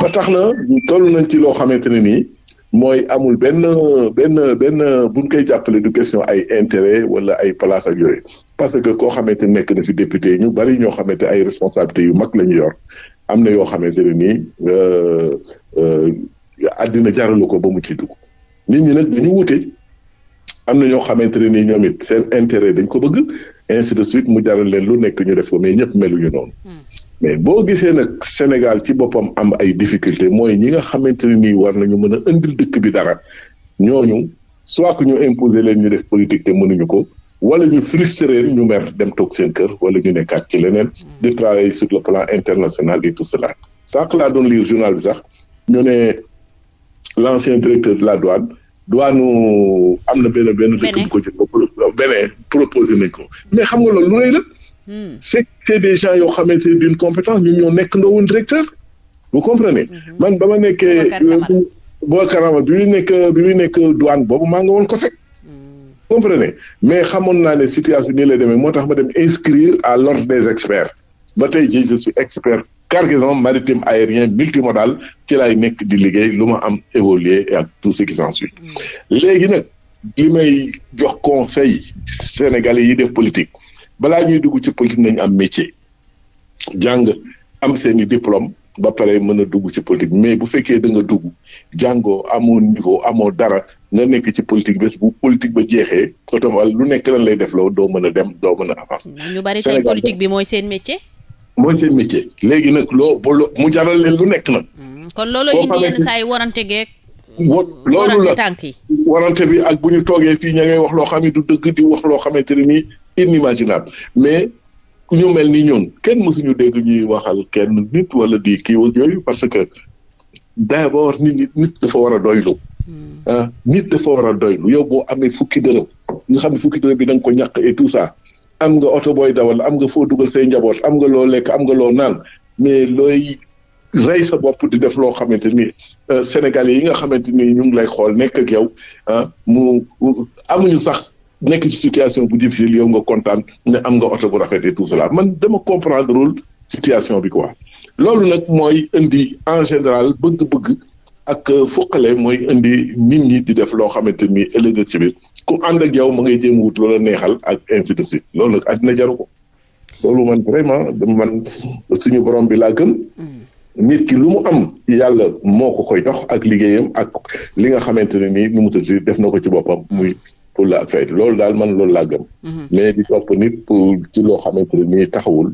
S2: ba tax na toll nañ ci loo xamante ne nii mooy amul benn benn benn buñ koy jàppale du question ay intérêt wala ay place ak yooyu parce que koo xamante nekk na fi député ñu bari ñoo xamante ay responsabilités yu mag la ñu yor am na yoo xamante ne nii euh, euh, àddina jaralu ko ba mu ci dugg nit ñi nag du ñu wute am na ñoo xamante ne nii ñoom it seen intéret dañ ko bëgg ainsi de suite mu jaral leen lu nekk ñu def ko mais ñëpp meluñu noonu. Hmm. mais boo gisee nag Sénégal ci boppam am ay difficulté mooy ñi nga xamante ne nii war nañu mën a indil dëkk bi dara ñooñu soit que ñu imposer leen ñu def politique te mënuñu ko. wala ñu frustré ñu mer dem toog seen kër wala ñu nekkaat ci leneen hmm. di travailler sur le plan international et tout cela sànq laa doon lire journal bi sax ñu ne l'ancien directeur de la douane douane am na benn benn dëkk ko jël beneen proposé nañ ko mais xam nga loolu lu rëy la hmm. c'est c'est des gens yoo xamante d'une compétence ñun ñoo nekk ndoowoon directeur vous comprenez hmm. man ba ma nekkee Boubacar Amar nekk bi muy nekk douane boobu maa nga woon ko fekk hmm. comprenez mais xamoon naa ne situation nii lay demee moo tax ma dem inscrire à l'ordre des experts ba tey jii je suis expert cargaison maritime aérienne multimodal ci laay nekk di liggéey lu ma am évoluer et ak tout ce qui s'ensuit hmm. léegi nag li may jox conseil sénégalais yi def politique balaa ñuy dugg ci politique nañu am métier jàng am seeni diplôme ba pare mën a dugg ci politique mais bu fekkee da nga dugg jàngoo amoo niveau amoo dara nga nekk ci politique bés bu politique ba jeexee oto lu nekk lan lay def loo doo mën a dem doo mën a avancer.
S1: Hmm, ñu bari tey politique bi mooy seen métier.
S2: mooy seen métier léegi nag loo ba loo mu jaral leen lu nekk nag.
S1: Mm, kon loolu indi yenn saa yi warante geeg.
S2: wa loolu la tànk yi warante bi ak bu ñu toogee fii ña ngay wax loo xam ne du dëgg di wax loo xamante ne nii inimaginable mais ku ñu mel ni ñun kenn mësuñu dégg ñuy waxal kenn nit wala di kii wala yooyu parce que d'abord nit nit dafa war a doylu. Mm. ah nit dafa war a doylu yow boo amee fukki dërëm ñu xam ne fukki dërëm bi da ko ñàkk et tout ça. am nga oto booy dawal am nga foo dugal say njaboot am nga loo lekk am nga loo naan mais looy rey sa bopp di def loo xamante ni euh, sénégal yi nga xamante ni ñu ngi lay xool nekk ak yow ah mu amuñu sax nekk ci situation bu difficile yow nga kontaan ne am nga oto bu rafet et tout cela man dama comprendrewul situation bi quoi loolu nag mooy indi en général bëgg-bëgg. ak euh, fukkale mooy indi nit ñi di def loo xamante ni ëllëg ci biir ku ànd ak yow ma ngay jéem wut loola neexal ak ainsi de suite loolu na àddina jaru ko loolu man vraiment man suñu borom bi laa gëm. Mm. nit ki lu mu am yàlla moo ko koy jox ak liggéeyam ak li nga xamante ne nii nu mu tëdd def na ko ci boppam muy pour la ak loolu daal man lool laa gëm. Mm-hmm. mais nit pour ci loo xamante ne nii taxawul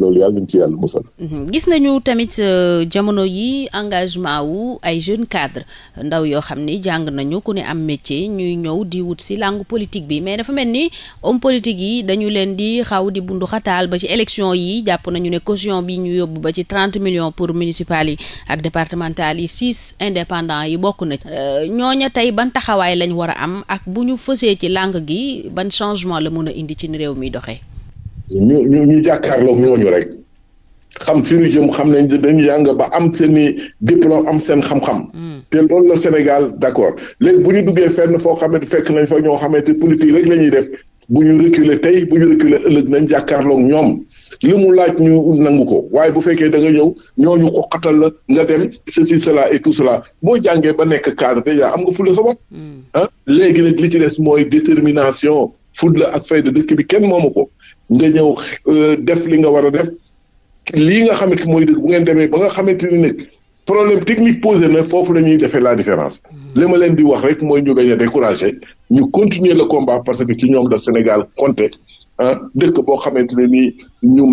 S2: loolu yàlla nañ ci yàlla musal.
S1: Mhm. gis nañu tamit euh, jamono yi engagement wu ay jeunes cadres ndaw yoo xam ni jàng nañu ku ne am métier ñuy ñëw di wut si langue politique bi mais dafa mel ni homme politique yi dañu leen di xaw di bundu xataal ba ci élection yi jàpp nañu ne caution bi ñu yóbbu ba ci trente millions pour municipal yi ak départemental yi six indépendant yi bokk na ci. Euh, ñooña tey ban taxawaay lañ war a am ak bu ñu fësee ci langue gi ban changement la mun a indi ci réew mi doxee.
S2: ñu ñu ñu jàkkaarloog ñooñu rek xam fi ñu xam nañ dañu jàng ba am seen i diplôme am seen xam-xam. Hmm. te loolu na Sénégal d'accord léegi bu ñu duggee fenn foo xamante fekk nañ fa ñoo xamante politique rek la ñuy def ñu reculer tey bu ñu reculer ëllëg nañ jàkkaarloog ñoom li mu laaj ñu nangu ko waaye bu fekkee da nga ñëw ñooñu ko xatal la nga dem ceci cela et tout cela boo jàngee ba nekk cadre déjà am nga fule sa bopp. Hmm. ah léegi nag li ci des mooy détermination. fudd la ak fayda dëkk bi kenn moomu ko nga ñëw euh, def li nga war a def lii nga xamante mooy dëgg bu ngeen demee ba nga xamante ni nag problème technique posé na foofu la ñuy defee la différence. Mm. li ma leen di wax rek mooy ñu bañ a ñu continuer la combat parce que ci ñoom la Sénégal compté ah dëkk boo xamante ne nii ñu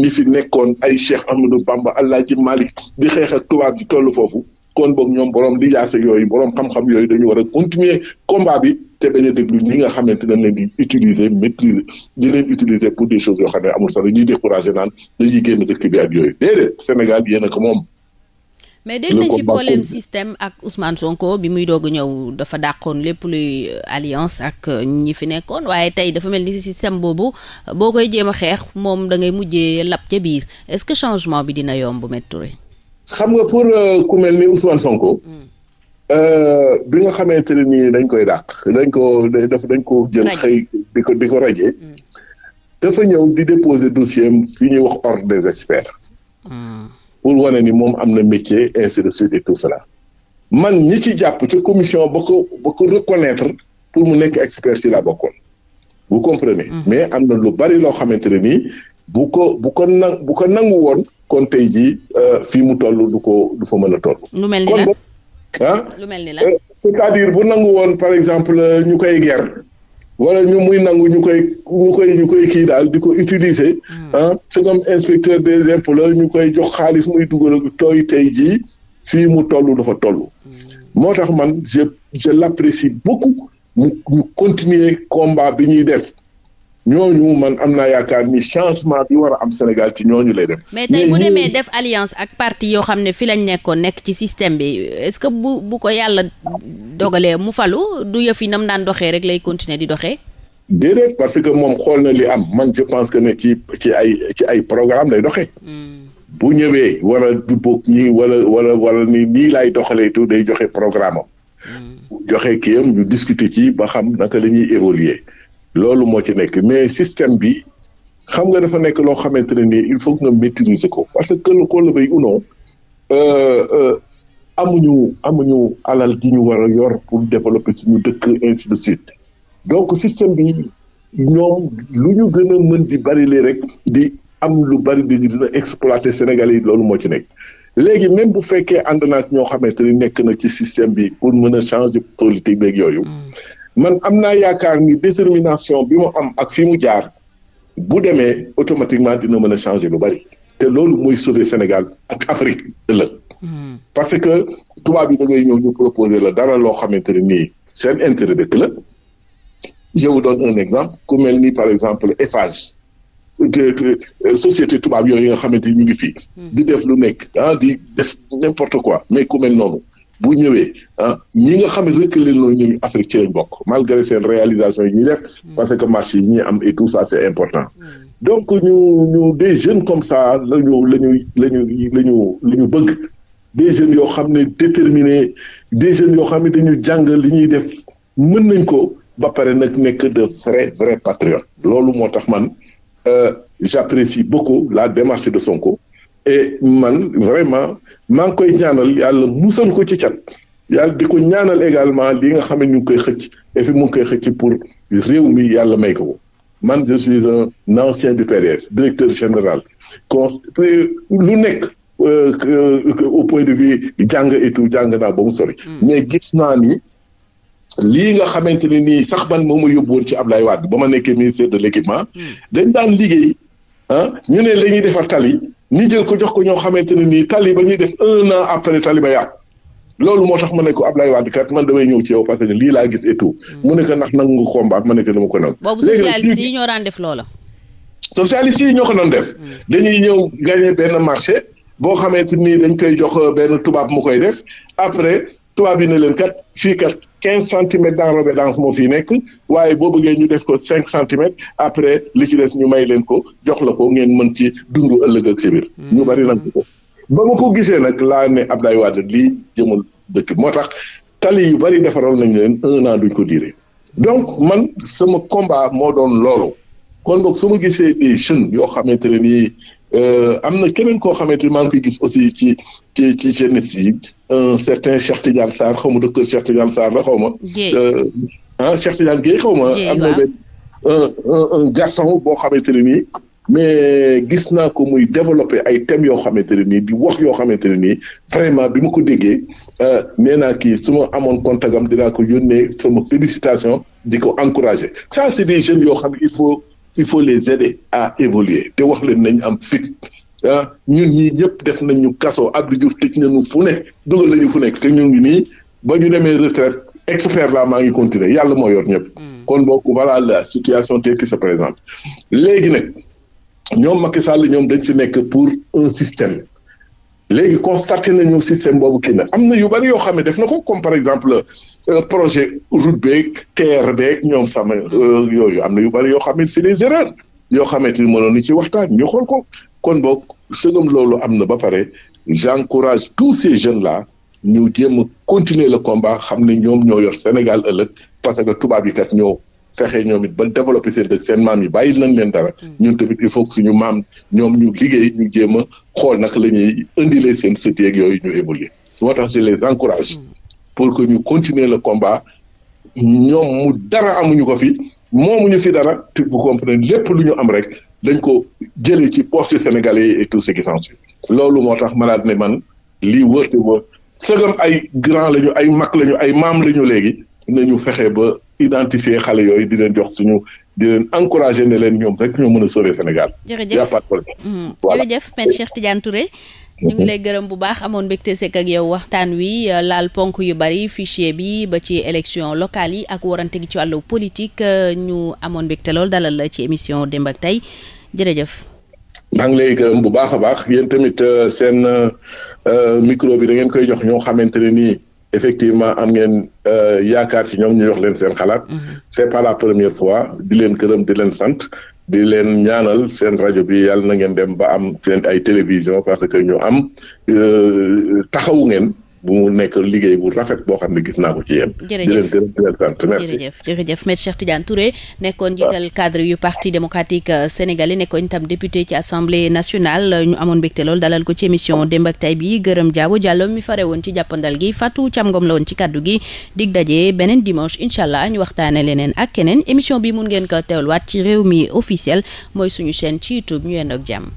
S2: ñi fi nekkoon ay Cheikh Amadou Bamba Alaaji Malick di xeex ak tubaab di toll foofu kon boog ñoom borom di yaase yooyu borom xam-xam yooyu dañu war a continuer te bañ a déglu ñi nga xamante dañ leen di utiliser maîtriser di leen utiliser pour des choses yoo xam ne amul sax dañuy découragé naan dañuy génn dëkk bi ak yooyu déedéet Sénégal yéen a ko moom.
S1: mais dégg nañ fi problème système ak Ousmane Sonko bi muy doog ñëw dafa dàqoon lépp luy alliance ak ñi fi nekkoon waaye tey dafa mel ni si système boobu boo koy jéem a xeex moom da ngay mujjee lab ca biir est-ce que changement bi dina yomb Maître Touré.
S2: xam nga pour euh, ku mel Sonko. Hmm. Euh, bi nga xamante ne nii dañ koy dàq dañ ko dañ ko jël xëy di ko di ko rajee mm. dafa ñëw di déposer dossier am fi ñuy wax ordre des experts mm. pour wane ni moom am na métier ainsi de man ñi ci jàpp ci commission ba ko ba ko mu nekk expert ci la bokkoon vous comprenez mm. mais am na lu bari loo xamante ne nii bu ko bu ko na bu ko nangu woon kon tey jii euh, fii mu toll du ko du fa mën a
S1: toll ah lu mel la eh,
S2: c'est-à-dire bu nangu woon par exemple euh, ñu koy ger wala ñu muy nangu ñu koy ñu koy ñu koy kii daal di ko utiliser hmm. ah c'est comme inspecteur des impôts ñu koy jox xaalis muy dugal ak tooy tey jii fii mu toll dafa toll hmm. moo tax man je je l'apprécie beaucoup mu ñu continuer combat bi ñuy def ñooñu man am naa yaakaar ni changement bi war a am Sénégal ci ñooñu lay def. mais
S1: tey bu demee def alliance ak parti yoo xam ne fi lañ nekkoon nekk ci système bi est-ce que bu bu ko yàlla dogalee mu falu du yëf yi nam daan doxee rek lay continuer di doxee.
S2: déedéet parce que moom xool na li am man je pense que ne ci ci ay ci ay programme lay doxee. Hmm. bu ñëwee war a dubboog ñi wala wala wala ni nii laay doxalee tout day joxe programme hmm. joxe kii am ñu discuter ci ba xam naka la ñuy loolu moo ci nekk mais système bi xam nga dafa nekk loo xamante ne nii il faut que nga maîtriser ko parce que lu ko la bay uno amuñu amuñu alal gi ñu war a yor pour développer suñu dëkk ainsi de suite donc système bi ñoom lu ñu gën a mën di bari rek di am lu bari di dina exploiter Sénégal yi loolu moo ci nekk léegi même bu fekkee ànd naak ñoo xamante ni nekk na ci système bi pour mën a changer politique beeg yooyu mm. man am naa yaakaar ni détermination bi mu am ak fi mu jaar bu demee automatiquement dina mën a changé lu bari te loolu mooy sauver Sénégal ak Afrique ëllëg hmm. parce que tubaab bi da ñëw ñu proposer la dara loo xamante ne nii seen intérêt dëkk la je vous donne un exemple ku mel ni par exemple Eiffage euh, société tubaab yooyu nga xamante ni ñu ngi fi hmm. di def lu nekk ah di def n'importe quoi mais ku mel noonu bu ñëwee ah ñi nga xam ne leen nañu ñoom Afrique ci lañ bokk malgré seen réalisation yi ñuy def mm. parce que marché yi ñuy am et tout ça c' est important mm. donc ñu ñu des jeunes comme ça la ñu la ñu la ñu la ñu la ñu bëgg des jeunes yoo xam ne déterminés des jeunes yoo xam ne dañu jàng li ñuy def mën nañ ko ba pare nag nekk de vrai vrai patriote loolu moo tax man euh, j'apprécie beaucoup la démarche de Sonko man vraiment maa ngi koy ñaanal yàlla musal ko ci cat yàlla di ko ñaanal également li nga xam ne ñu ngi koy xëcc et mu ngi koy xëcc pour réew mi yàlla may ko man je suis un ancien du PDS directeur général con euh, lu nekk euh, au point de vue jàng et jàng naa ba mu sori. Hmm. mais gis naa ni lii nga xamante ne nii sax ban moom ma yóbbu woon ci Abdoulaye Wade ba ma nekkee ministère de l' équipement. Hmm. dañ daan liggéey ah ñu ne la defar tali. ñu jël ko jox ko ñoo xamante ne nii taliba ñuy def un an après taliba yàqu loolu moo tax ma ne ab Ablaye Wade kat man damay ñëw ci yow parce que lii laa gis et tout mu ne ko ndax nangu combat ma ne ko dama ko nangu. boobu socialiste
S1: yi ñoo daan def loola.
S2: socialiste yi ñoo ko doon def. Hmm. dañuy ñëw gagné benn marché boo xamante nii dañ koy jox benn tubaab mu koy def après. tubaab yi ne leen kat fii kat quinze centimètres d'enrobédance moo fi nekk waaye boo bëggee ñu def ko cinq centimètres après li ci des ñu may leen ko jox la ko ngeen mën ci dundu ëllëg a ci biir hmm. ñu bari nangu ko ba ma ko gisee nag laa ne Abdoulaye Wade lii jëmul dëkk moo tax tali yu bari defaral nañ leen un an duñ ko diire donc man sama combat moo doon loolu kon boog su ma gisee des jeunes yoo xamante ne nii Euh, am na keneen koo xamante ni maa ngi koy gis aussi ci ci ci jeunesse yi un certain Cheikh Tidiane Sarr xaw ma dëkk Cheikh Tidiane Sarr la xaw ma. Euh, ah Cheikh Tidiane Guèye xaw ma. na benn un boo xamante ne nii. mais gis naa ko muy développer ay thèmes yoo xamante ne nii di wax yoo xamante ne nii vraiment bi ma ko déggee euh, nee naa kii su ma amoon contact am dinaa ko yónnee sama félicitation di ko encourager ça c'est des jeunes yoo xam il faut. il faut les aider à évoluer te wax leen nañ am fit ah ñun ñii ñëpp def nañ ñu kaso Abdou Diouf tëj nañu fu ne dugal nañu fu nekk te ñu ngi nii ba ñu demee retraite expert la maa ngi continuer yàlla mooy yor ñëpp. Hmm. kon boog voilà la situation telle qui se présente léegi nag ñoom Macky Sall ñoom dañ ci nekk pour un système. léegi constaté nañu système boobu kii na am na yu bari yoo xam ne def na ko comme par exemple euh, projet route beeg TER beeg ñoom sama euh, yooyu am na yu bari yoo xam ne c'est des erreurs yoo xamante ni mënoon ni ci waxtaan ñu xool ko kon boog sëgam loolu am na ba pare j'encourage tous ces jeunes là ñu jéem a continuer le combat xam ne ñoom ñoo yor Sénégal ëllëg parce que tubaab yi kat fexe ñoom it ba développé seen dëkk seen maam yi bàyyi nañ leen dara mm. ñu tamit il faut que suñu maam ñoom ñu liggéey ñu jéem a xool nag la ñuy indilee seen sët yeeg yooyu ñu évoluer moo tax si les encourage mm. pour que ñu continuer la combat ñoom mu dara amuñu ko fi moomuñu fi dara te bu comprendre lépp lu ñu am rek dañ ko jëlee ci poche sénégalais yi et tout ce yi loolu moo tax malaad ne man lii wërte ba sëgam ay grand lañu ay mag lañu ay maam lañu léegi nañu fexe ba identifier xale yooyu di leen jox suñu di leen encourager ne leen ñoom rek ñoo mën a sauver Sénégal. jërëjëf y a pas de problème.
S1: Mm. voilà ñu ngi lay gërëm bu baax amoon mbégte sekk ak yow waxtaan wi euh, laal ponk yu bari fichier bi ba ci élection locale yi ak warante gi ci wàllu politique euh, ñu amoon mbégte lool dalal la ci émission démb ak tey jërëjëf.
S2: maa ngi lay gërëm bu baax a baax yéen tamit euh, seen micro bi da ngeen koy jox ñoo xamante ne nii. effectivement am ngeen euh, yaakaar ci ñoom ñu jox leen seen xalaat. Mm-hmm. c'est pas la première fois di leen kërëm di leen sant. di leen ñaanal seen rajo bi yàlla na ngeen dem ba am seen ay télévision parce que ñu am euh, taxawu ngeen. bu mu nekk liggéey bu rafet boo xam ne gis naa ko ci yéen. jërëjëf di leen gërëm di leen sant merci jërëjëf
S1: jërëjëf Maître Cheikh Tidiane Touré nekkoon jiital cadre yu parti démocratique euh, sénégalais nekkoon itam député ci assemblée nationale ñu amoon mbégte lool dalal ko ci émission démb ak tay bi gërëm Diabo Diallo mi fare woon ci jàppandal gi Fatou Thiam Ngom la woon ci kaddu gi dig daje beneen dimanche incha allah ñu waxtaane leneen ak keneen émission bi mun ngeen ko teewluwaat ci réew mi officiel mooy suñu chaîne ci YouTube ñu jàmm